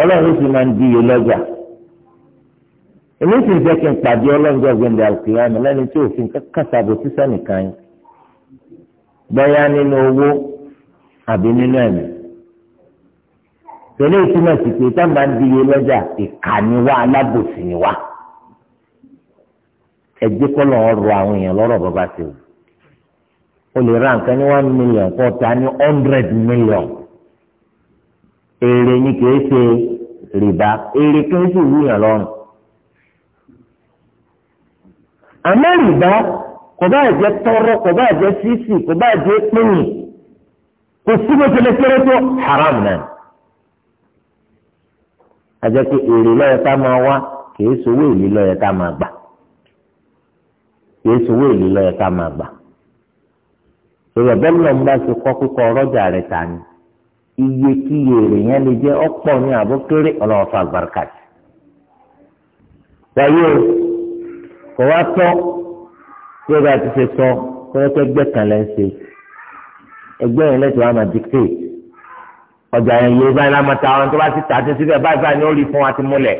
Speaker 1: ọlọ́run ló sì máa ń di iye lọ́jà èmi jẹ́ kí n pàdé ọlọ́njọ́ gbẹ̀ndẹ̀ àlùkìyàmù lẹ́ni tí òfin kásàbò sísẹ́ nìkan yìí bọ́yá nínú owó àbí nínú ẹ̀mí tẹ̀lé ìtumọ̀ sí pé táwọn bá ń di iye lọ́jà ìkànnì wa alábòsí ni wa ẹ̀jẹ̀ kọ́ lọ́ọ́ rọ àwọn èèyàn lọ́rọ̀ bàbá ti wù o lè ra nǹkan ní one million kó ta ní hundred million èrè ni kìí ṣe rìbá èrè kìí sì wúyàn lọ́rùn àmọ́ rìbá kò bá jẹ́ tọrọ kò bá jẹ́ sísì kò bá jẹ́ pínyìn kò síbi tó lè tó haram náà àjẹ́ pé èrè lọ́yẹ ká máa wá kìí sowó èlé lọ́yẹ ká máa gbà kìí sowó èlé lọ́yẹ ká máa gbà èrè bẹ́ẹ̀ lọ́n bá ti kọ́ kíkọ ọlọ́jà rẹ̀ ta ni iye kí èrè yẹn lè jẹ́ ọ̀pọ̀ ní àbókéré ọlọ́ọ̀fà àgbàrúkà sí. wáyé o kò wá tọ́ tí ó bá ti ṣe sọ kó ẹgbẹ́ gbẹ̀kan lẹ́ ṣe ẹgbẹ́ yẹn lẹ́tọ̀ọ́ àmà dictate ọjà yẹn yóò báyìí lámàtà àwọn tó bá ti tà á ti síbẹ̀ báyìí báyìí ni ó rí fún wa ti múlẹ̀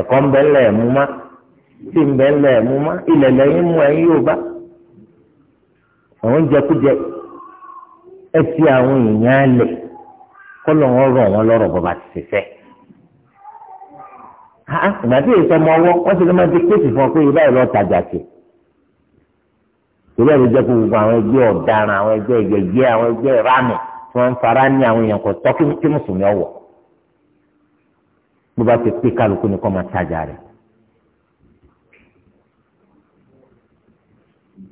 Speaker 1: ẹ̀kọ́ ń bẹ ńlẹ̀ mú má tí ń bẹ ńlẹ̀ mú má ilẹ̀ lẹ́yìn mú ẹ̀yìn yóò bá àwọn jẹkújẹ ẹ fi àwọn èèyàn lẹ̀ kọ́lọ̀ wọn rọ̀ wọn lọ́rọ̀ bọ́ba ti ṣe fẹ́ ìgbà tí èso ọmọ ọwọ́ wọ́n ti lè máa di kéèsì fún ọ pé ìbáyìí lọ́ọ́ tajà sí i torí ẹ̀rọ jẹ́ kó gbogbo àwọn ẹgbẹ́ ọ̀daràn àwọn ẹgbẹ́ ìgbẹ́gbẹ́ àwọn ẹgbẹ́ ìranù tí wọ́n ń fara ní àwọn èèyàn kò tọ́ kí mùsùlùmí ọ̀wọ̀ bó bá ti pé kálukú ni kò máa tajà rẹ̀.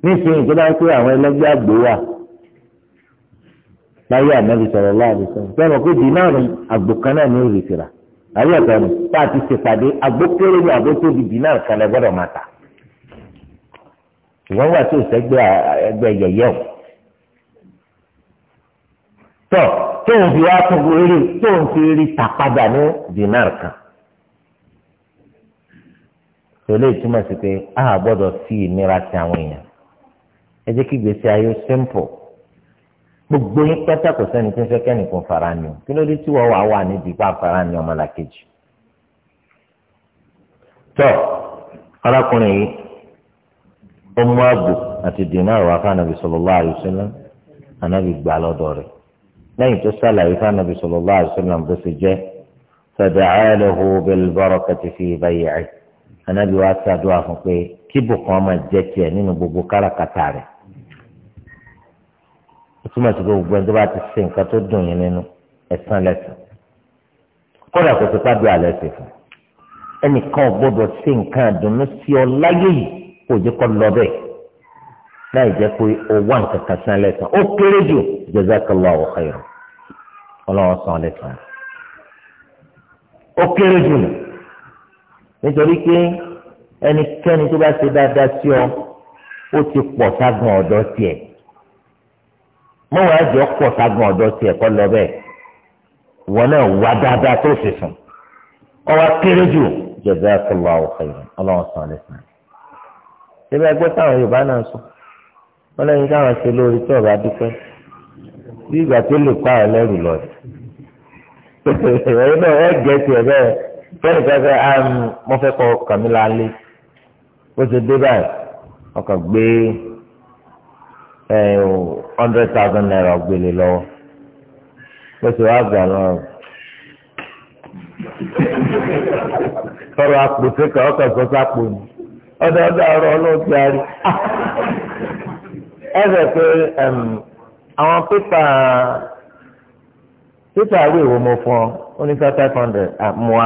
Speaker 1: nísìnyí tó bá ń pé àwọn ẹlẹ́gbẹ́ àgbò wà láyé ànábi sọ̀rọ̀ láàbí sọ̀rọ̀ bẹ́ẹ̀ mọ̀ pé dínárì àgbò kan náà ní òrìṣìrà àríyàtọ̀ ni tá a ti ṣèpàdé àgbò kéré ní àgbò tóbi dínárì kan lẹ gbọ́dọ̀ máa tà ṣùgbọ́n wà tí ò sẹ́gbẹ́ ẹgbẹ́ yẹ̀yẹ́ o tọ́ tóun fi wá tó rí tóun fi rí ta padà ní dinar kan tòlé ìtumọ̀ sí pé a gbọ́dọ̀ fi ìnira sí àwọn èèyàn ẹ jẹ́ kí gbèsè ayé simple gbogbo yín pátá kò sẹ́ni tí ń fẹ́ kẹ́nìkan fara ni o kí ló dé tí wọ́n wàá wà nídìí pa fara ni ọmọlàkejì tọ́ arákùnrin yìí ó mú àgbò àti dínà wá fún anabi sallallahu alaihi wasallam anabi gbà lọ́dọ̀ rẹ̀ lẹ́yìn tó sàlàyé fún anabi sallallahu alaihi wasallam bó ṣe jẹ́ fada'a lahu bil barakati fi bay'ihi anabi wa ṣàdúrà fún pé kíbo kan máa jẹ tiẹ̀ nínú gbogbo káràkátà rẹ̀ ó túmọ̀ sí gbogbo ẹni tó bá ti ṣe nǹkan tó dùn yín nínú ẹ̀sán lẹ́sìn kódà kò sí pàdé àlẹ́ sí fún ẹnìkan gbọ́dọ̀ ṣe nǹkan àdùnnú sí ọ láyé yìí kò jẹ́ kọ́ lọ bẹ́ẹ̀ láì jẹ́ pé owó nǹkan kan san lẹ́sàn ó kéré jù jazakallahu khairan ọlọ́wọ́ san lẹ́sàn ó kéré jù nù nítorí pé ẹnikẹ́ni tó bá ṣe dáadáa sí ọ ó ti pọ̀ ságun ọ̀dọ́ tiẹ̀ mọ́wàá ẹ̀jẹ̀ pọ̀ ságun ọ̀dọ́ tiẹ̀ kọ́ lọ bẹ́ẹ̀ wọn náà wá dáadáa tó sì sùn ọwọ́ kéré jù jazakallahu khairan ọlọ́wọ́ san lẹ́sàn síbi ẹgbẹ́ táwọn Yorùbá náà sọ wọn lẹ́yìn káwọn ṣe lórí tí ọba dúpẹ́ bí ìgbà tó lè pa ẹlẹ́rù lọ ẹ̀yin náà ẹ jẹ́ tiẹ̀ bẹ́ẹ̀ fẹ́ẹ̀ni kẹ́kẹ́ ah, mm, mo fẹ́ kọ kàmílà lé ó ti dé báyìí ọkọ̀ gbé eh, hundred thousand naira gbélé lọ́wọ́ bó ṣe wá gbà náà tọrọ àpò sí kan ọkọ̀ sọ́sọ́ àpò ni ọdọọdọ ọ̀rọ̀ ọlọgbẹ àrí ẹ bẹ pé àwọn pépà pépà àrò ìwò mo fún ọ ó ní five hundred àmúwa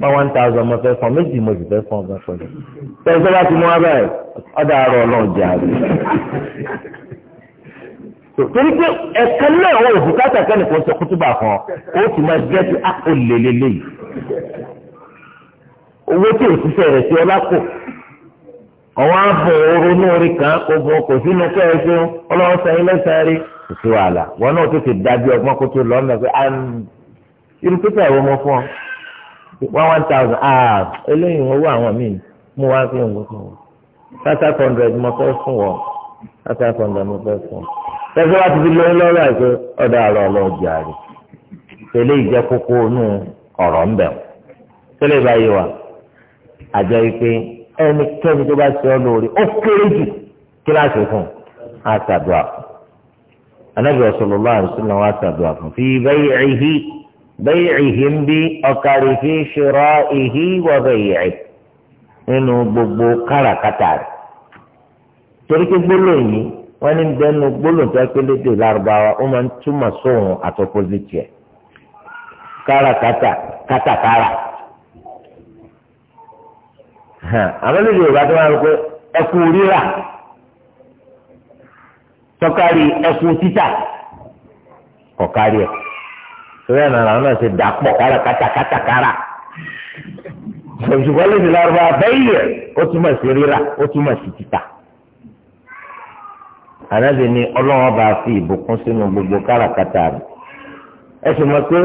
Speaker 1: bá one thousand mo fẹ́ fún ọ méjì mo sì fẹ́ fún ọ bá pẹ̀lú tẹsán bá ti mú wa báyìí ọdọ ọ̀rọ̀ ọlọgbẹ àrí torí pé ẹ̀ka náà wọ̀ òbúkátà kẹ́nìkan sọ kútùbà kan ó sì máa jẹ́ ti àpò ah, lélẹ́lẹ́yìí owó tí òṣìṣẹ́ rẹ̀ sí ọlá kù ọwọ́ àbọ̀ ronú orí kan kò bọ̀ kò sínú kẹ́ẹ̀sì ọlọ́wọ́ sẹ́yìn lẹ́sẹ̀ rí ètò ààlà wọn náà tètè dájú ọgbọ́n kó tó lọ́ọ́ mẹ́fẹ́ irú pípẹ́ ìwọ mọ fún ọ one one thousand ah eléyìí owó àwọn míì mú wá sí òun fún ọ five hundred mo fẹ́ fún ọ five hundred mo fẹ́ fún ọ tẹ́sí wá ti fi lóyún lọ́rọ̀ àìpé ọ̀dà àrọ̀ ọlọ́ọ̀jà rẹ̀ tẹ́lẹ̀ ìjẹ́ inú ọ̀rọ̀ ń bẹ̀ tẹ́lẹ̀ báyìí wà. àjọ yìí ẹnikẹ́ni tó bá ṣe ọ́ lóore ó kéré jù kíláàsì fún anabi fún fi ń bí ọ̀kàrí fi nínú gbogbo káràkátà rẹ̀ torí pé yìí wọ́n ní bẹ́ẹ̀nu tó àwọn olóde yorùbá tó máa ń pẹ ẹkú rírà tọkari ẹkú títà kọkari ẹ sọyà náà làwọn náà ṣe dàpọ̀ kára kátàkátà kára ṣùgbọ́n lóde lárúbá bẹ́yẹ̀ ó túmọ̀ sí rírà ó túmọ̀ sí títà ànábì ni ọlọ́wọ́n bá fi ìbùkún sínú gbogbo rẹ̀ mọ̀ pé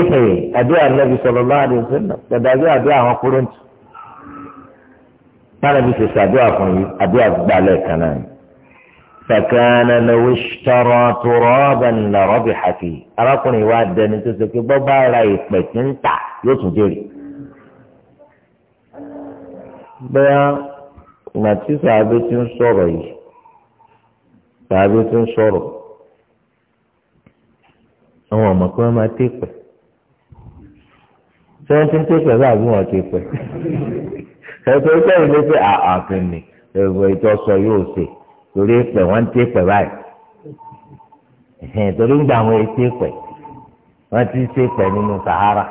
Speaker 1: ẹ̀dùn gbàdájọ́ àdúrà àwọn sáà bí ṣe ṣàdúrà fún yìí àdúrà gbà lẹ́ẹ̀kan náà fẹ̀kánná lówó tọrọ tọrọ ọ̀bẹ̀ni lọ́rọ́ bí hàfi arákùnrin wa dẹni tó ṣe pé bọ́ bá ra ìpè tí ń tà yóò tún jèrè. bẹ́ẹ̀ ìgbà tí sàbẹ̀ ti ń sọ̀rọ̀ yìí sàbẹ̀ ti ń sọ̀rọ̀ àwọn ọmọ kan máa tẹ̀pẹ̀ ṣé wọ́n ti ń tẹ̀pẹ̀ báàbí wọn ti pẹ̀ ẹ̀sọ́ ìtẹ́yìn ló ṣe àkàn ni ẹ̀rọ ìtọ́sọ yóò ṣe torí pẹ̀ wọ́n ń tẹ́ pẹ̀ báyìí ẹ̀hìn torí ń gba àwọn etí pẹ̀ wọ́n ti ṣe pẹ̀ nínú sahara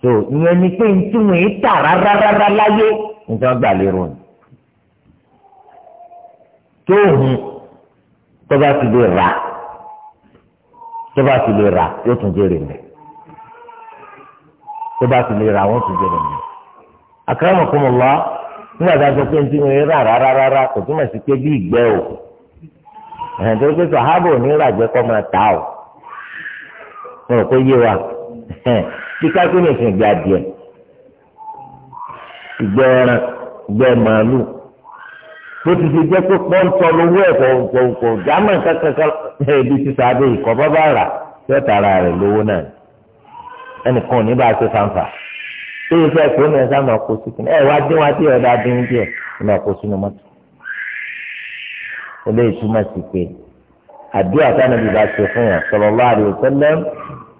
Speaker 1: tó ìyẹn ni pé ntí wọn yìí tà rárára láyé nǹkan gbà lérò ni tó hun tó bá ti lè rà tó bá ti lè rà yóò tún jèrè mẹ tó bá ti lè rà wọn tún jèrè mẹ akramakumullah nígbà tá a sọ pé ntí wọn rà rárá rárá kò túmọ̀ sí pé bí ìgbẹ́ o ẹ̀hìn tó pé sọ̀hábò ní ìràgbẹ́ kọ́ máa tà o wọn ò kó yé wa bí kákó ní ìsìn ìgbà díẹ̀ ìgbẹ́ ẹran ìgbẹ́ màálù bó ti ṣe jẹ́ pé pọ́ńtọ́ lówó ẹ̀kọ́ kò jámọ̀ kankan ẹ̀ẹ́dì ti sàbẹ̀ ìkọ́ bábà rà yọ̀tara rẹ̀ lówó náà ẹnìkan tí ìfẹ́ ìkóni ẹ̀sán máa kó sí kìnnìkan ẹ̀ wá dín wá tí ọ̀dà dín díẹ̀ máa kó sínú mọ́tò. eléyìí túmọ̀ sí pé àdúrà táwọn ibi bá ṣe fún yàn sallallahu alaihi wasallam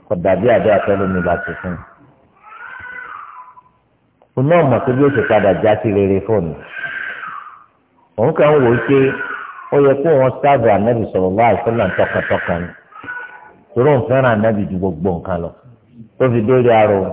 Speaker 1: kò dàbí àdúrà táwọn ibi bá ṣe fún yàn. oná mọ̀ pé bí ó ṣe padà já sí rere fóònù òun kàn ń wò ó pé ó yẹ kó wọn sáàbù ànábì sallallahu alaihi wasallam tọkàntọkàn ni torí òun fẹ́ràn ànábì ju gbogbo nǹkan lọ tó fi dórí ara òun.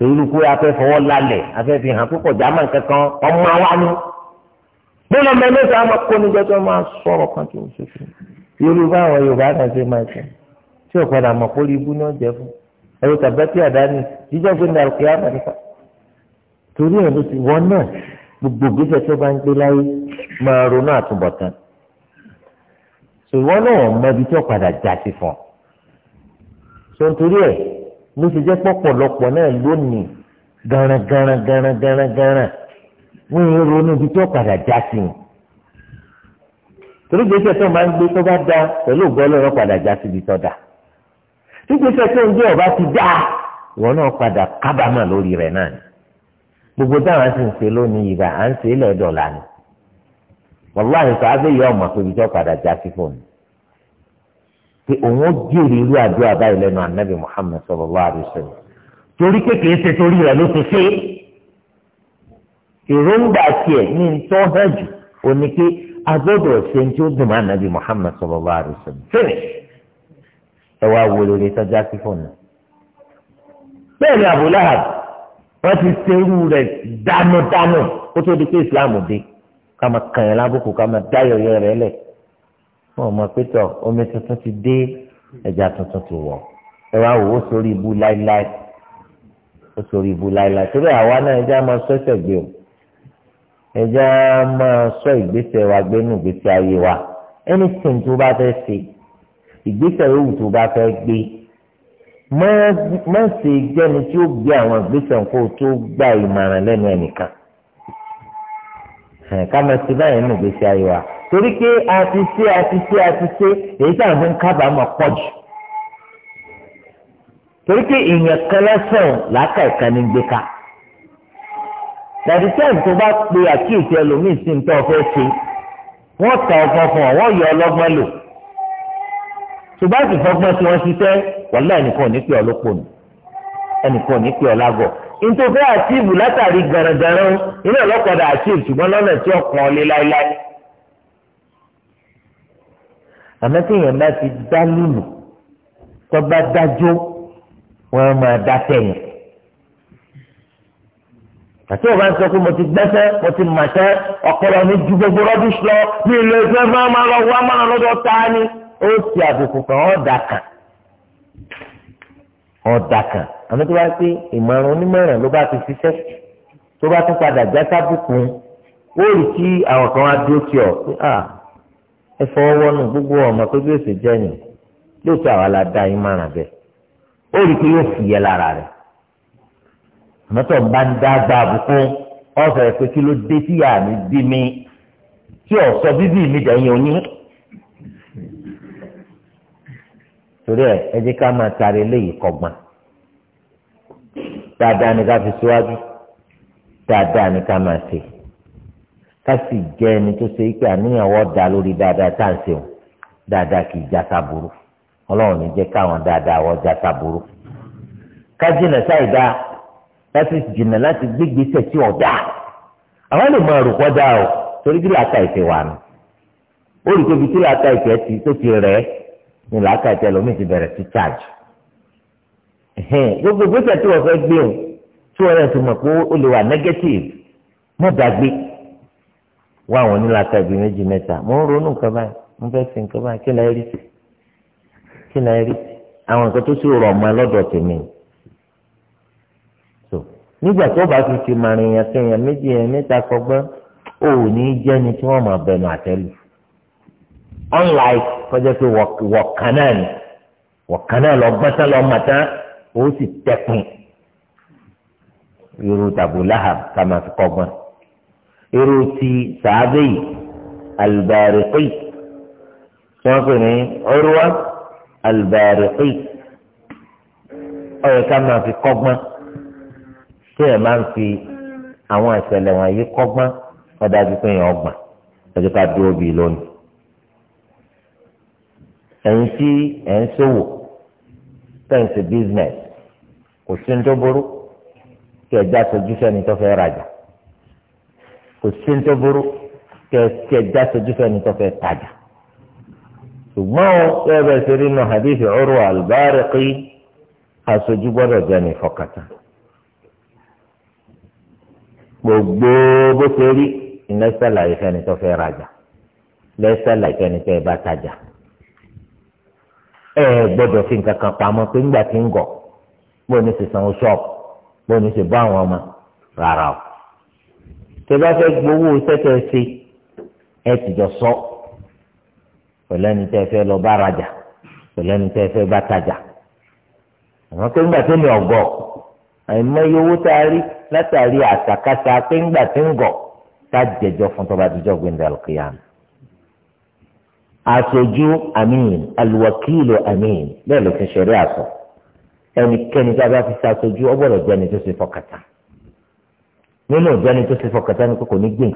Speaker 1: tòlú kó a fẹ́ fọwọ́ lálẹ̀ a fẹ́ fi hàn púpọ̀ jámà kankan ọmọ wa ni bọ́lá mẹ́lẹ́sì àwọn akónijọ́ tó máa sọ̀rọ̀ kan tó ń ṣe fún mi yorùbá àwọn yorùbá náà ṣe máa ṣe tí ò padà mọ̀ kó ibú ní ọ̀jẹ̀ fún ẹ̀rọ tàbẹ́tì àdáni jíjọ́ gbé ní àrùkè àmàlíkà torí ẹ̀ ló ti wọ́n náà gbogbo gbèsè tó bá ń gbé láyé máa ronú àtúbọ̀tán ṣùgbọ́n náà mọ ibi tí ò padà já sí fún ọ ló ṣe jẹ́ pọ̀pọ̀lọpọ̀ náà lónìí garan garan garan garan garan wọ́n ń ronú ibi tó padà já sí i torí gbèsè tó máa ń gbé tó bá da pẹ̀lú ògbọ́lọ́rọ́ padà já síbi tó da tí gbèsè tó ń gbé ọba ti dá ìwọ náà padà kábàámà lórí rẹ̀ náà ni gbogbo táwọn á sì ń ṣe lónìí yìí à ń ṣe é lẹ́ẹ̀dọ̀la ni wàláhì sọ abẹ́yẹ ọmọ tóbi tó padà já sí fún pé òun ó jèrè irú àdúrà báyìí lẹ́nu anabi muhammed sallallahu alaihi wasallam torí kékeré ṣe torí rẹ̀ ló ti ṣe èròǹgbà tiẹ̀ ní ntọ́ hàn jù òní pé agbọ́dọ̀ ṣe tí ó dùn mọ́ anabi muhammed sallallahu alaihi wasallam finish ẹ wá wo lórí sọjá sí fún mi bẹ́ẹ̀ ni abu lahab wọ́n ti ṣerú rẹ̀ dánúdánú kó tó di pé islam dé ká máa kàn yẹn lábùkù ká máa dáyọ̀ yẹn rẹ̀ lẹ̀ fún ọmọ pétọ omi tuntun ti dé ẹja tuntun ti wọ ẹ wá wò ó sórí ibú láíláí ó sórí ibú láíláí torí àwa náà ẹja máa sọ ẹsẹ gbé o ẹja máa sọ ìgbésẹ̀ wa gbénu ìgbésẹ̀ ayé wa anything tó bá fẹ́ ṣe ìgbésẹ̀ yòówù tó bá fẹ́ gbé má ṣe jẹ́ni tí ó gbé àwọn ìgbésẹ̀ nǹkan tó gba ìmọ̀ràn lẹ́nu ẹnìkan Kama máa ṣe báyìí nínú ìgbésí ayé wa torí pé a ti ṣe a ti ṣe a ti ṣe èyí tí àwọn fi ń kábàámọ̀ pọ̀ jù torí pé ìyẹn kan lọ́sàn làákà ìkànnì gbé ká tàbísẹ́ǹ tó bá pe àkíyèsí ẹlòmíì sí ní tó o fẹ́ ṣe wọ́n ta ọgbọ́n fún ọ wọ́n yọ ọlọ́gbọ́n lò ṣùgbọ́n àti fọgbọ́n tí wọ́n ṣiṣẹ́ wọ́n lé ẹnìkan ò ní pè ọ lópò nù ẹnìkan ò ní pè ọ lágọ̀ọ́ ntòfẹ́ àtìbù látàrí gàràngàrà iná ọlọ́kọ̀dà àtìbù ṣùgbọ́n lọ́nà tí ọkàn ọ̀lẹ́ láéláé. àmọ́ tí èèyàn bá ti dá lùlù tó bá dájọ́ wọ́n á máa dá tẹ̀yìn. àti ọba ń sọ pé mo ti gbẹ́sẹ́ mo ti màṣẹ́ ọ̀pọ̀lọ mi ju gbogbo rọ́bìṣì lọ mi ò lè fẹ́ máa lọ wá máa lọ́dọ̀ tá a ní ó ti àbùkù kan ọ̀ dà kàn ọ̀dà kan àmọ́ tó bá pé ìmọ̀ràn onímọ̀ràn ló bá ti ṣiṣẹ́ tó bá tún padà já sábùkù ó rí kí àwọn kan wá dúró kí ọ pé à ah, ẹ fọwọ́ wọnú gbogbo ọmọ tó bí èsì jẹ́ yìí lóòótọ́ àwa la dá yín mọ̀ràn bẹ́ẹ̀ ó rí pé yóò fìyẹ lára rẹ̀ àmọ́ tó bá ń dá gba àbùkù ọ̀fẹ́ pé kí ló dé tíyà mi bí mi tí ọ̀ sọ bíbí mi dẹ̀yìn oní. torí ẹ ẹ jẹ́ ká máa tari eléyìí kọ́gbọ́n dáadáa ni ká fi síwájú dáadáa ni ká máa ṣe ká sì jẹ́ ẹni tó ṣe pé àníyànwó da lórí dáadáa tá à ń ṣeun dáadáa kì í já sábúrú ọlọ́run ní jẹ́ káwọn dáadáa wọ́n já sábúrú ká jìnà sáìdá láti jìnà láti gbégbèsè tí ọ̀dà àwọn lè máa rò kọ́dà o torí bí làákà ìfẹ́ wà nù ó rí i pé ibi tí ìfẹ́ ti tó ti rẹ̀ ẹ́. ni làákàyè tẹ lómi ti bẹ̀rẹ̀ sí charge gbogbo gbèsè tí wọ́n fẹ́ gbé o tí wọ́n rẹ̀ mọ̀ pé ó lè wà negative mọ́ dàgbé wá àwọn onílàákà ibi méjì mẹ́ta mo ń ronú nǹkan báyìí mo fẹ́ fi nǹkan báyìí kí láyé rí sí kí láyé rí sí àwọn nǹkan tó sì rọ̀ mọ́ tèmi nígbà tó bá unlike kọjá pé wọ̀kan náà ni wọ̀kan náà lọ gbọ́nsá lọ màtá ó sì tẹkùn irú tàbí láhà ká máa fi kọ́gbọ́n irú ti sàábé yìí alùbárẹ̀kì tí wọ́n pè ní ọrùwá alùbárẹ̀kì ọ̀yẹ̀ ká máa fi kọ́gbọ́n tí ẹ̀ máa ń fi àwọn ìṣẹ̀lẹ̀ wọ̀nyí kọ́gbọ́n ọ̀dájú pé èèyàn ọgbà ẹ̀jẹ̀ ká dúró bíi lónìí ẹ̀yin tí ẹ̀ ń ṣòwò tẹ̀sí business kò sí ní tó burú kí ẹ já sojú sẹ́ni tó fẹ́ rajà kò sí ní tó burú kí ẹ já sojú sẹ́ni tó fẹ́ tajà ṣùgbọ́n bẹ́ẹ̀ bẹ́ẹ̀ ṣe hadith Urwa al aṣojú gbọ́dọ̀ jẹ́ ní ìfọkàtà gbogbo bó ṣe rí lẹ́sẹ̀ láì fẹ́ni tó fẹ́ rajà lẹ́sẹ̀ láì fẹ́ni tó ẹ bá tajà ẹ gbọ́dọ̀ fi nǹkan kan pamọ́ pé ńgbà tí ń gọ̀ bó ní ṣe sanwó ṣọ́ọ̀bù bó ní ṣe bá àwọn ọmọ rárá o tó bá fẹ́ gbowó sẹ́tẹ̀ ṣe ẹ ti jọ sọ pẹ̀lú ẹni tẹ́ fẹ́ lọ bá rajà pẹ̀lú ẹni tẹ́ fẹ́ bá tajà àwọn pé ńgbà tí mi ò gọ̀ àìmọye owó tá a rí látàrí àṣàkáṣà pé ńgbà tí ń gọ̀ tá a jẹjọ fún tó bá dijọ́ gbẹ̀ndàlùkìyàmù. aṣojú amin alwakilu amin bẹ́ẹ̀ ló fi ṣeré àṣọ ẹnikẹ́ni tí a bá fi ṣàṣojú ọ gbọ́dọ̀ tó ṣe fọkàtà nínú ìjẹni tó ṣe fọkàtà ni ní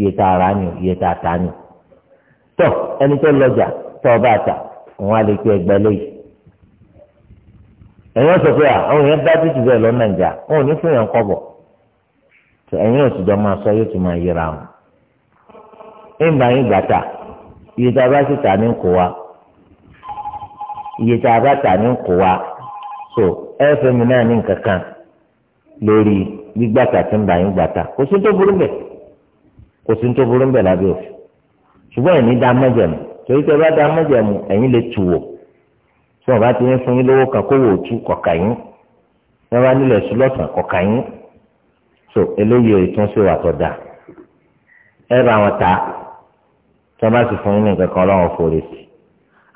Speaker 1: iye tá a rà iye tá a tà ni tọ ẹni tó lọjà tọ ọba àtà òun á lè pe ẹgbẹ́ lóyè ẹ̀yin ọ̀sọ̀ pé àwọn èèyàn dá títí bẹ́ẹ̀ lọ́nà ìjà òun ò ní fún yàn jọ máa sọ yóò máa yẹra ìgbà yín gbàtà iye tá a bá sì tà ní kó wa iye tá a bá tà ní kó wa so ẹ fẹ́ mi náà ní nǹkan kan lórí gbígbàtà tí ń bá yín gbàtà kò sí tó burú bẹ̀ kò sí tó burú bẹ̀ lábẹ́ òfin ṣùgbọ́n ẹ̀yin dá mọ́jẹ̀mú torí tẹ́ bá dá mọ́jẹ̀mú ẹ̀yin lè tù wò tí wọ́n bá ti ní fún yín lówó kan kó wò ó tú kọ̀ọ̀kà yín tí wọ́n bá nílẹ̀ sùn lọ́sàn-án yín so eléyìí ètò ń ṣe wà tó dáa ẹ bá wọn ta tí wọ́n bá sì fún yín ní nǹkan kan lọ́wọ́ forí sí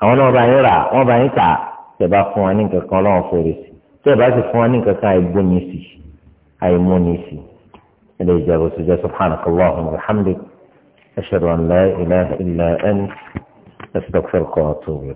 Speaker 1: àwọn náà bá yín rà wọ́n bá yín tà tẹ̀ bá fún wọn ní nǹkan kan lọ́wọ́ forí sí tẹ̀ bá sì fún wọn ní nǹkan kan àìgbóni sí àìmóni sí ilé ìjẹ́bù tó jẹ́ subhanakallahumma wa hamdik ashhadu an la ilaha illa ant astaghfiruka wa atubu